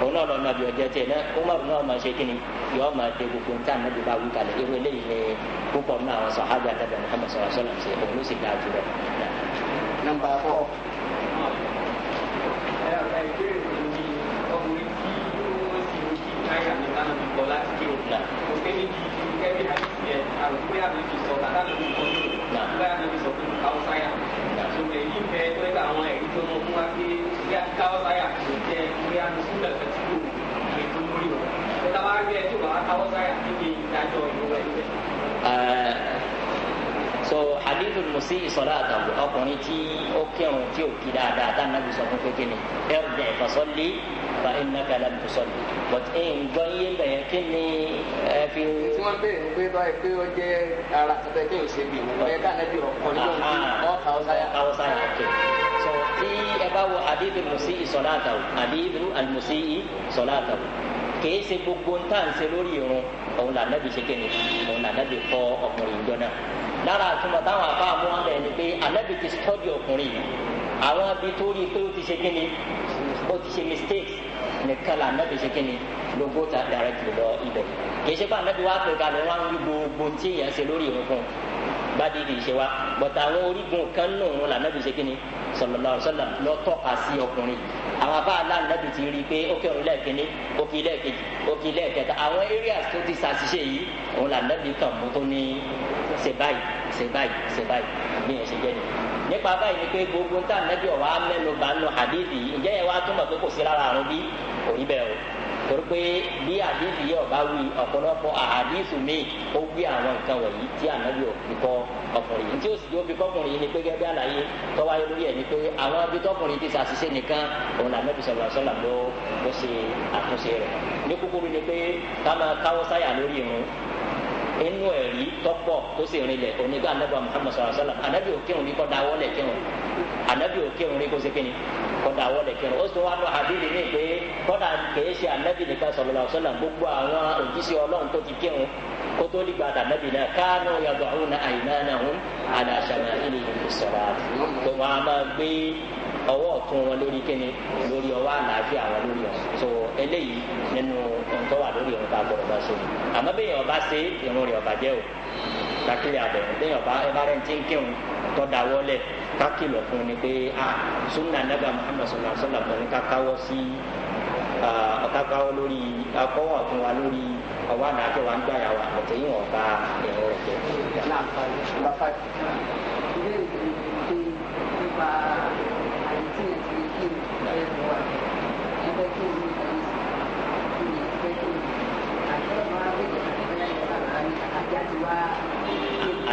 òun náà lọ́nà bí ọjọ́ tiẹ̀ náà Umar náà máa ṣe kíni yọ́ọ́ máa de gbogbo nta nàbí bá wí kalẹ̀ irú eléyìí ni púpọ̀ náà àwọn sọ̀hábà tàbí Muhammad sọ̀rọ̀ sọ̀rọ̀ ṣe òun ló sì dáa jù lọ. nọ́mbà fọ. àyà ní bá nàbí kọ láti kí òun náà kò sí ní ju ju kẹ́bí àìsí ẹ̀ àrùkú yà nàbí sọ bàbá nàbí kọ ní òun náà nàbí sọ fún káwọ́sáyà sọ̀tẹ̀ yìí fẹ́ tó ẹ̀ka àwọn ẹ̀rí tó mọ fún wa pé bóyá káwọ́sáyà kò jẹ́ bóyá sùnà kẹtí kò so hadithu musi isola atabu ọkùnrin tí ó kírun tí ó kí dáadáa tá nàbí sọ fún kékeré ẹrùdẹ fasọlì fa iná kàlà musọlì but ẹ ń gbọ́ iye kí ni ẹ fi. tí wọ́n béèrè pé báyìí pé ó jẹ́ ara tuntun kí n ṣe bí mo yẹ ká nàbí ọkọ ní òun ọ kàwọ́sá yà. kàwọ́sá yà so tí ẹ bá wo hadithu musi isola atabu hadithu almusi isola atabu kìí ṣe gbogbo ntànṣe lórí irun òun là nàbí ṣe kéde òun là nàbí kọ ọkùnrin ìjọ náà lára àtúmọ̀ táwọn afá mú wọn bẹ̀ ni pé anabi ti sọ́ọ̀dì ọkùnrin yìí àwọn abi tó rí i pé ó ti ṣe kíni ó ti ṣe mistakes nìkan là anabi ṣe kíni lógo ta direct lọ ibẹ̀ kì í ṣe pé anabi wá pè kalẹ̀ wọn wí gbogbo tí èèyàn ṣe lórí ìrún fún un badi kì í ṣe wa bọ̀tà àwọn orígun kan nùnú la nàbì ṣe kíni sallallahu alaihi wasallam lọ tọ́ka sí ọkùnrin àwọn afa aláàlú nàbì ti rí i pé ó kí ọ̀rọ̀ lẹ́ẹ̀kíní ó kí lẹ́ẹ̀kejì ó kí lẹ́ẹ̀kẹta àwọn areas tó ti ṣàṣìṣe yìí òun là nàbì mú tó ní ṣe báyìí ṣe báyìí ṣe báyìí bí yẹn ṣe jẹ́ ni nípa báyìí ni pé gbogbo ntàn nàbì ọ̀wá mẹ́nu bá nù hadithi yìí ǹjẹ́ yẹn wá túmọ̀ pé kò sí lára àrùn bí òrí bẹ́ẹ̀ o torí pé bí àdìsí yẹ ọba wí ọ̀pọ̀lọpọ̀ àdìsí mi ó wí àwọn nǹkan wọ̀nyí tí ànábì òfin kọ ọkùnrin yìí tí ó sì yóò fi kọkùnrin yìí ni pé gẹ́gẹ́ bí àlàyé tọ́wáyé lórí ẹ̀ ni pé àwọn ibi tọkùnrin ti ṣàṣìṣe nìkan òun làmẹ́bí sọ̀rọ̀ sọ́là ló ṣe àtúnṣe rẹ̀ ní kúkúrú ni pé ká máa káwọ́ sáyà lórí irun inú ẹ̀rí tọ́pọ̀ tó sì rinlẹ̀ onígbà anabi muhammad sallallahu alayhi wa sallam anabi ò kírun ní kọ́ dáwọ́ lẹ̀ anabi ò kírun ní kó ṣe kíni kọ́ dáwọ́ lẹ̀ ó sì wá lọ àbílí ní pé kọ́dà kìí ṣe anabi nìkan sallallahu alayhi gbogbo àwọn òjíṣẹ́ ọlọ́run tó ti kírun kó tó nígbà anabi náà kánú yad'una aymanahum ala shama'ilihim fi salat tó wọn a máa gbé ọwọ́ ọ̀tún wọn lórí kíni eléyìí nínú nǹkan wà lórí ìrun tá bá ṣe àmọ́ bẹ́ẹ̀ ọba ṣe ìrun rẹ̀ ọba jẹ́ o lákìlẹ̀ àbẹ̀ bẹ́ẹ̀ ọba ẹba rẹ̀ ti ń kírun tó dáwọ́ lẹ̀ fún ni pé a sunna naga muhammed sallallahu alaihi wa sallam ní sí ọ̀kákáwọ́ lórí akọ́wọ́ ọ̀tún wa lórí ọwọ́ àdájọ́ wa ń gbà yà wà àtẹ̀yìn ọba ìrun rẹ̀ jẹ́.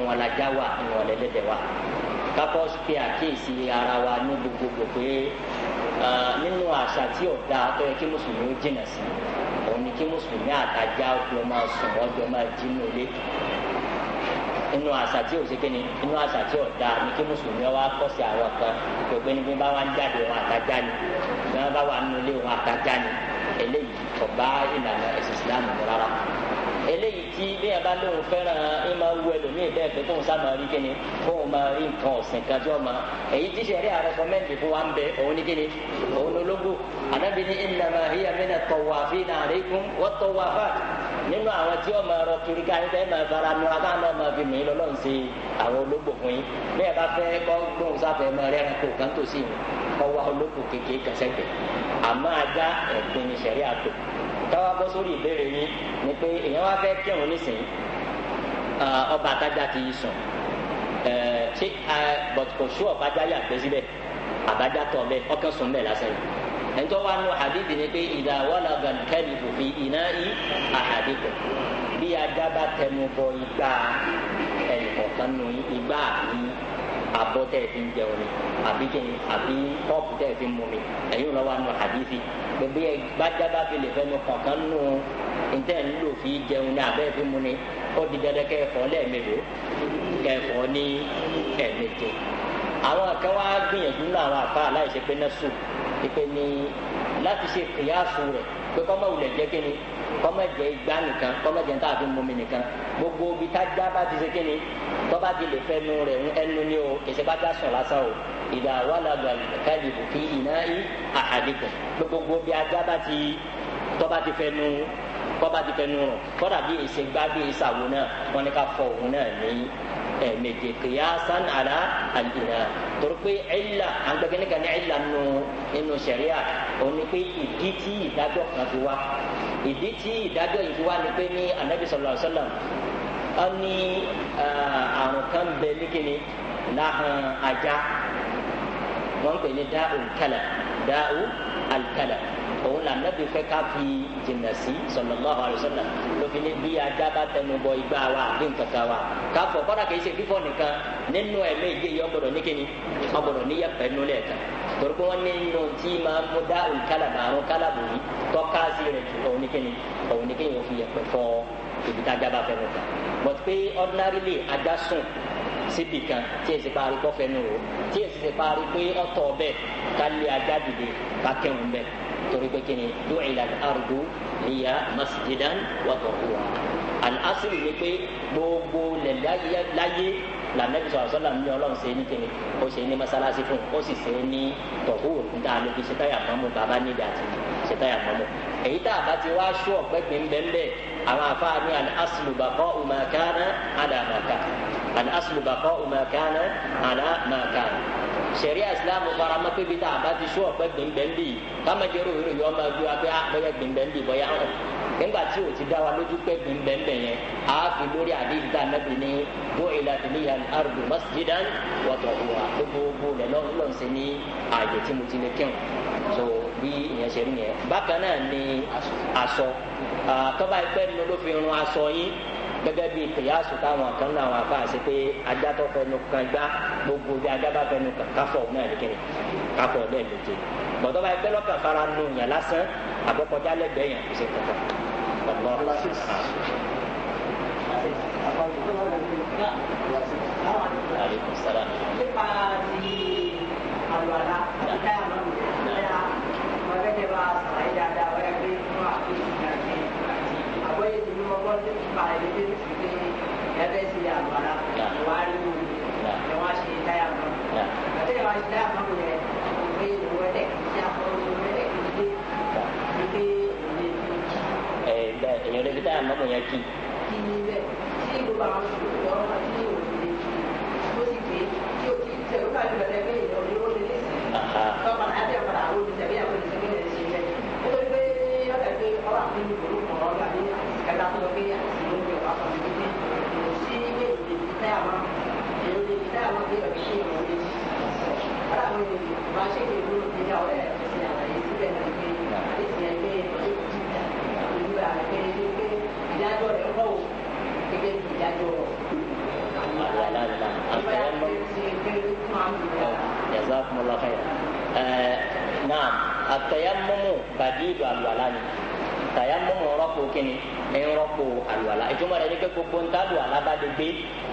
inú wọn lajá wà inú wọn lẹ́lẹ́dẹ̀ wà kakọ́ pé àkíyèsí ara wa ní gbogbogbò pé nínú àṣà tí ọ̀dà tó yẹ kí mùsùlùmí ó jìnà sí òun ni kí mùsùlùmí àtajá ọjọ́ máa sùn ọjọ́ máa jí ní ilé inú àṣà tí òṣèké ni inú àṣà tí ọ̀dà ni kí mùsùlùmí wa kọ́ sí àwọn kan gbogbo ní bí bá wà ń jáde wọn àtajá ni bí wọ́n bá wà nínú ilé wọn àtajá ni eléyìí ọba ìlànà ẹ̀sìn Islam rárá eléyìí tí bẹ́ẹ̀ bá lóun fẹ́ràn ẹ máa wú ẹlòmíì bẹ́ẹ̀ pé kóun sá máa rí kíni kóun máa rí nǹkan ọ̀sìn kan tí wọ́n máa èyí tí sẹ́rí àrẹ́kọ́mẹ́ǹdì fún wa ń bẹ òun ní kíni òun ológun ànábi ní ìnàmà híyà mí nínú àwọn tí wọn máa rọ kiri ká ẹgbẹ máa fara nura ká náà máa fi mìíràn lọ́n ṣe àwọn olóògbò fún yín bí ẹ bá fẹ́ kọ́ gbóhùn sáfẹ́ máa rẹ́ràn kó kàn tó sí yín kọ́ wá olókùn kékeré kẹsẹ̀gbẹ̀ àmọ́ ajá ẹ̀gbin ni sẹ̀rí àtò táwa bọ́ sórí ìbéèrè yín ni pé èèyàn wá fẹ́ kírun nísìnyí ọba àtajà ti sùn ṣé bọ̀tùkọ̀ sú ọ̀bájá yàgbé síbẹ̀ àbájá tọ̀ bẹ́ẹ̀ ọkàn sùn bẹ́ẹ̀ lásán yìí ẹnitọ́ wa nù àdìbì ni pé ìdá wàlà gàdùkẹ́lì òfin iná yí àhàdìbò bí ajá bá tẹnu bọ igbá ẹnìkọ̀ọ̀kan nù igbá yìí abọ́ tẹ́ ẹ fi ń jẹun ni àbí kí ni àbí kọ́ọ̀pù tẹ́ ẹ fi ń mu mi ẹ̀yin lọ́wọ́ àánú àdìsí gbogbo ẹ gbájábá fi lè fẹnu kọ̀ọ̀kan nù ntẹ́ ń lò fi jẹun ni àbẹ́ fi mu ni ó di dandan kẹ́ ẹ fọ́ lẹ́ẹ̀mejò kẹ́ ẹ fọ́ ní ẹ̀ẹ̀mejò àwọn akẹ́wàá gbìyànjú náà àwọn àfa aláìsèpé náà sùn wípé ní láti ṣe kìyàsó rẹ̀ pé kọ́mọ wulẹ̀ jẹ́ kíni kọ́mọ jẹ́ igbá nìkan kọ́mọ jẹ́ níta fi mọ́mi nìkan gbogbo ibi tájá bá ti ṣe kíni tọ́ba ti lè fẹ́ nu rẹ̀ ẹnu ni o kìsì bá já sùn lásán o ìdá wàlàgbà kálíbù fi iná yí àhàdìkù gbogbo bí ajá bá ti tọ́ba ti fẹ́ nu kọ́ba ti fẹ́ nu rọ̀ kọ́dà bí èsè gbá bí èsè àwọn náà wọ́n ní ká fọ òun náà ní ẹ̀ẹ̀mejì kìyàsán àlá àlìyà torí pé ẹ̀là àgbẹ̀gẹ́ni kan ní ẹ̀là nù nínú sẹ̀ríà òní pé ìdí tí ìdájọ́ kan fi wá ìdí tí ìdájọ́ yìí fi wá ni pé ní anabi sallallahu alaihi wasallam ọ ní àrùn òun là nàbì fẹ́ ká fi jìnnà sí sallallahu alaihi wasallam lófin ní bí ajá bá tẹnu bọ igbá wa àbí nkankan wa ká fọ kọ́dà kìí ṣe fífọ́ nìkan nínú ẹ̀mí ìdí yìí ọgbọ̀dọ̀ níkẹ́ni ọgbọ̀dọ̀ níyà pẹ̀lú lẹ́ẹ̀kan toroko wọn nínú tí máa mú dá olùkálàbà àrùn kálàbò yìí tọ́ka sí rẹ̀ òun níkẹ́ni òun níkẹ́ni òun fi yẹpẹ̀ fọ́ ibi tá ajá bá fẹ́ mọ̀ fà but pé ordinarily síbì kan tí èsì parí kọ́ fẹnu rò tí èsì parí pé ọ̀tọ̀ bẹ́ẹ̀ ká lé ajá dìde ká kẹ́hùn bẹ́ẹ̀ torí pé kí ni dúwìlà àrùdù níyà masjidan wàtọ̀kùwà alásìlì ni pé gbogbo lẹ̀ láyé lànàbí sọ̀rọ̀ sọ́là ní ọlọ́run ṣe ní kíni ó ṣe ní masalasi fún ó sì ṣe ní tọ̀húr níta ló fi ṣètàyà mọ́mú bàbá níbi àti ṣètàyà mọ́mú. èyí tá a bá ti wá ṣú ọ̀pẹ́ pín bẹ́ẹ̀ bẹ́ẹ̀ àwọn afáàní alásìlù bàbá ọ̀màkánà àdàmàkà al-aslu baqa'u ma kana ala ma sẹ̀rí islam farama pé bí tá a bá ti sọ ọ̀pẹ gbẹ̀ngbẹ̀ngbì káma jẹ́rò yìí yọ ọmọ ẹgbẹ́ apẹ́ ah, àpẹ́yẹ gbẹ̀ngbẹ̀ngbì bọ́yá hàn nígbà tí o ti dá wa lójú pé gbẹ̀ngbẹ̀ngbẹ̀ yẹn a lórí àdéhùn tá a nàbì bó ilà tìlí yàn ardu masjidan wọ́tọ̀ wà gbogbo rẹ̀ lọ́n sí ní àyè tí mo ti lè kírun so bí ìyẹn ṣe yẹn bákan náà ni aṣọ ah, tọ́ba ẹgbẹ́ nínú ló fi rún aṣọ yín gẹ́gẹ́ bíi kìyàsù táwọn kan náà wọn afáàsì pé ajátọ́ fẹnu kan gbá gbogbo bí ajábá fẹnu kan káfọ̀ náà ní kíni káfọ̀ náà ló jẹ bọ̀dọ̀ báyìí pẹ́lọ́ kan fara nù yàn lásán àbọ̀kọjá lẹ́gbẹ̀ẹ́ yàn kò sí kankan. Aleykum Nípa ti àlọ́ àlá, ìdáyàmọ́. မမွန်ရကြည့်ကြည့်ပဲကြည့်ကိုပါ àtẹ̀yàmọ́mọ́ bàdíìlù àlùwàlá ni àtẹ̀yàmọ́mọ́ rọ́pò kínní ní rọ́pò àlùwàlá ìtumọ̀ rẹ̀ ní pé gbogbo ń tá àlùwàlá bá lè gbé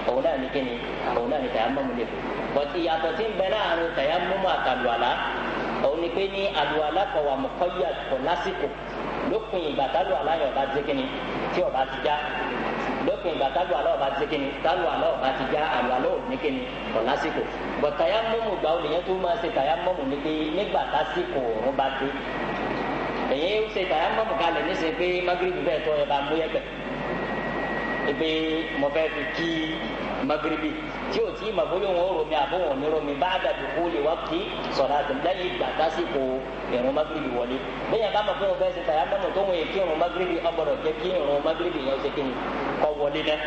òun náà ní kínní òun náà ní àtẹ̀yàmọ́mọ́ lè fò bọ̀tí yàtọ̀ tí ń bẹ láàrin àtẹ̀yàmọ́mọ́ òun ni pé ní àlùwàlá kọ̀ wà mọ̀kọ́yà ìgbà tálùwàlá yẹn ọba ti kínní tí ọba ti já lópin ìgbà tálù àlọ́ ọba ti kíni tálù àlọ́ ọba ti já àlọ́ àlọ́ òní kíni kọ̀ lásìkò bọ̀ tàyà mọ́mù gbà ó lèyẹn tó máa ṣe tàyà mọ́mù ni pé nígbà tásìkò òun bá dé èyí ń ṣe tàyà mọ́mù kalẹ̀ níṣẹ́ pé magrebi bẹ́ẹ̀ tọ́ ẹ bá mú yẹpẹ̀ pé mo fẹ́ fi kí magiribi tí o tí ma bóyá wọn romi àbọ̀ wọn ní romi bá dàbí kó lè wá kí sọ̀rọ̀ àti lẹ́yìn ìgbà tásìkò ìrun magiribi wọlé bẹ́ẹ̀ bá ma fẹ́ wọn fẹ́ ṣe tàyà mọ́mọ́ tó wọn yẹ kí ìrun magiribi ọgbọ̀dọ̀ jẹ́ kí ìrun magiribi yẹn ṣe kí ni kọ́ wọlé náà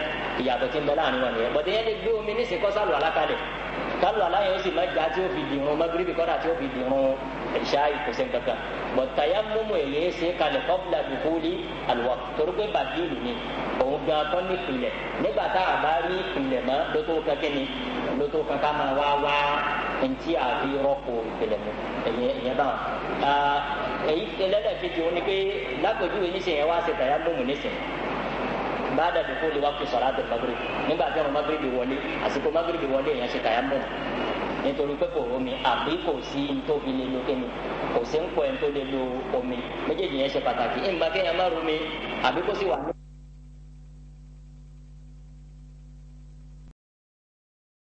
ìyàtọ̀ ti ń bẹ láàrin wọn nìyẹn bọ̀dé yẹn lè gbé omi ní ìsìnkọ́sálù alákalẹ̀ kálù aláyẹ̀ ó sì má já tí ó fi dìrun magrebi kọ́dà tí ó fi dìrun ẹ̀ṣá ìkọsẹ̀ kankan bọ̀tàyà mímú èyí ṣe kalẹ̀ kọ́bùlà dùkúlì àlùwà torí pé bàdìlù ni òun gan tán ní ìpìlẹ̀ nígbà tá a bá rí ìpìlẹ̀ mọ́ lótó kankan ni lótó kankan máa wá wá ntí àfi rọ́pò ìpìlẹ̀ mu ẹ̀yẹ bá èyí ẹlẹ́dẹ̀ẹ́kejì òun ni pé lápèjúwe níṣẹ́ yẹn wá ṣe tàyà mímú níṣẹ́ bàdà dùkú lè wá pè sọ̀rọ̀ maghrib nígbà tí ọ̀rọ̀ maghrib wọlé àsìkò maghrib wọlé èèyàn ṣe kàyà mọ́ nítorí pé kò omi àbí kò sí ntóbi lè lo kíni kò sí ń pọ̀ ẹ̀ tó lè lo omi méjèèjì yẹn ṣe pàtàkì ẹ̀ ń bá kéèyàn má rumi àbí kó sì wà ní.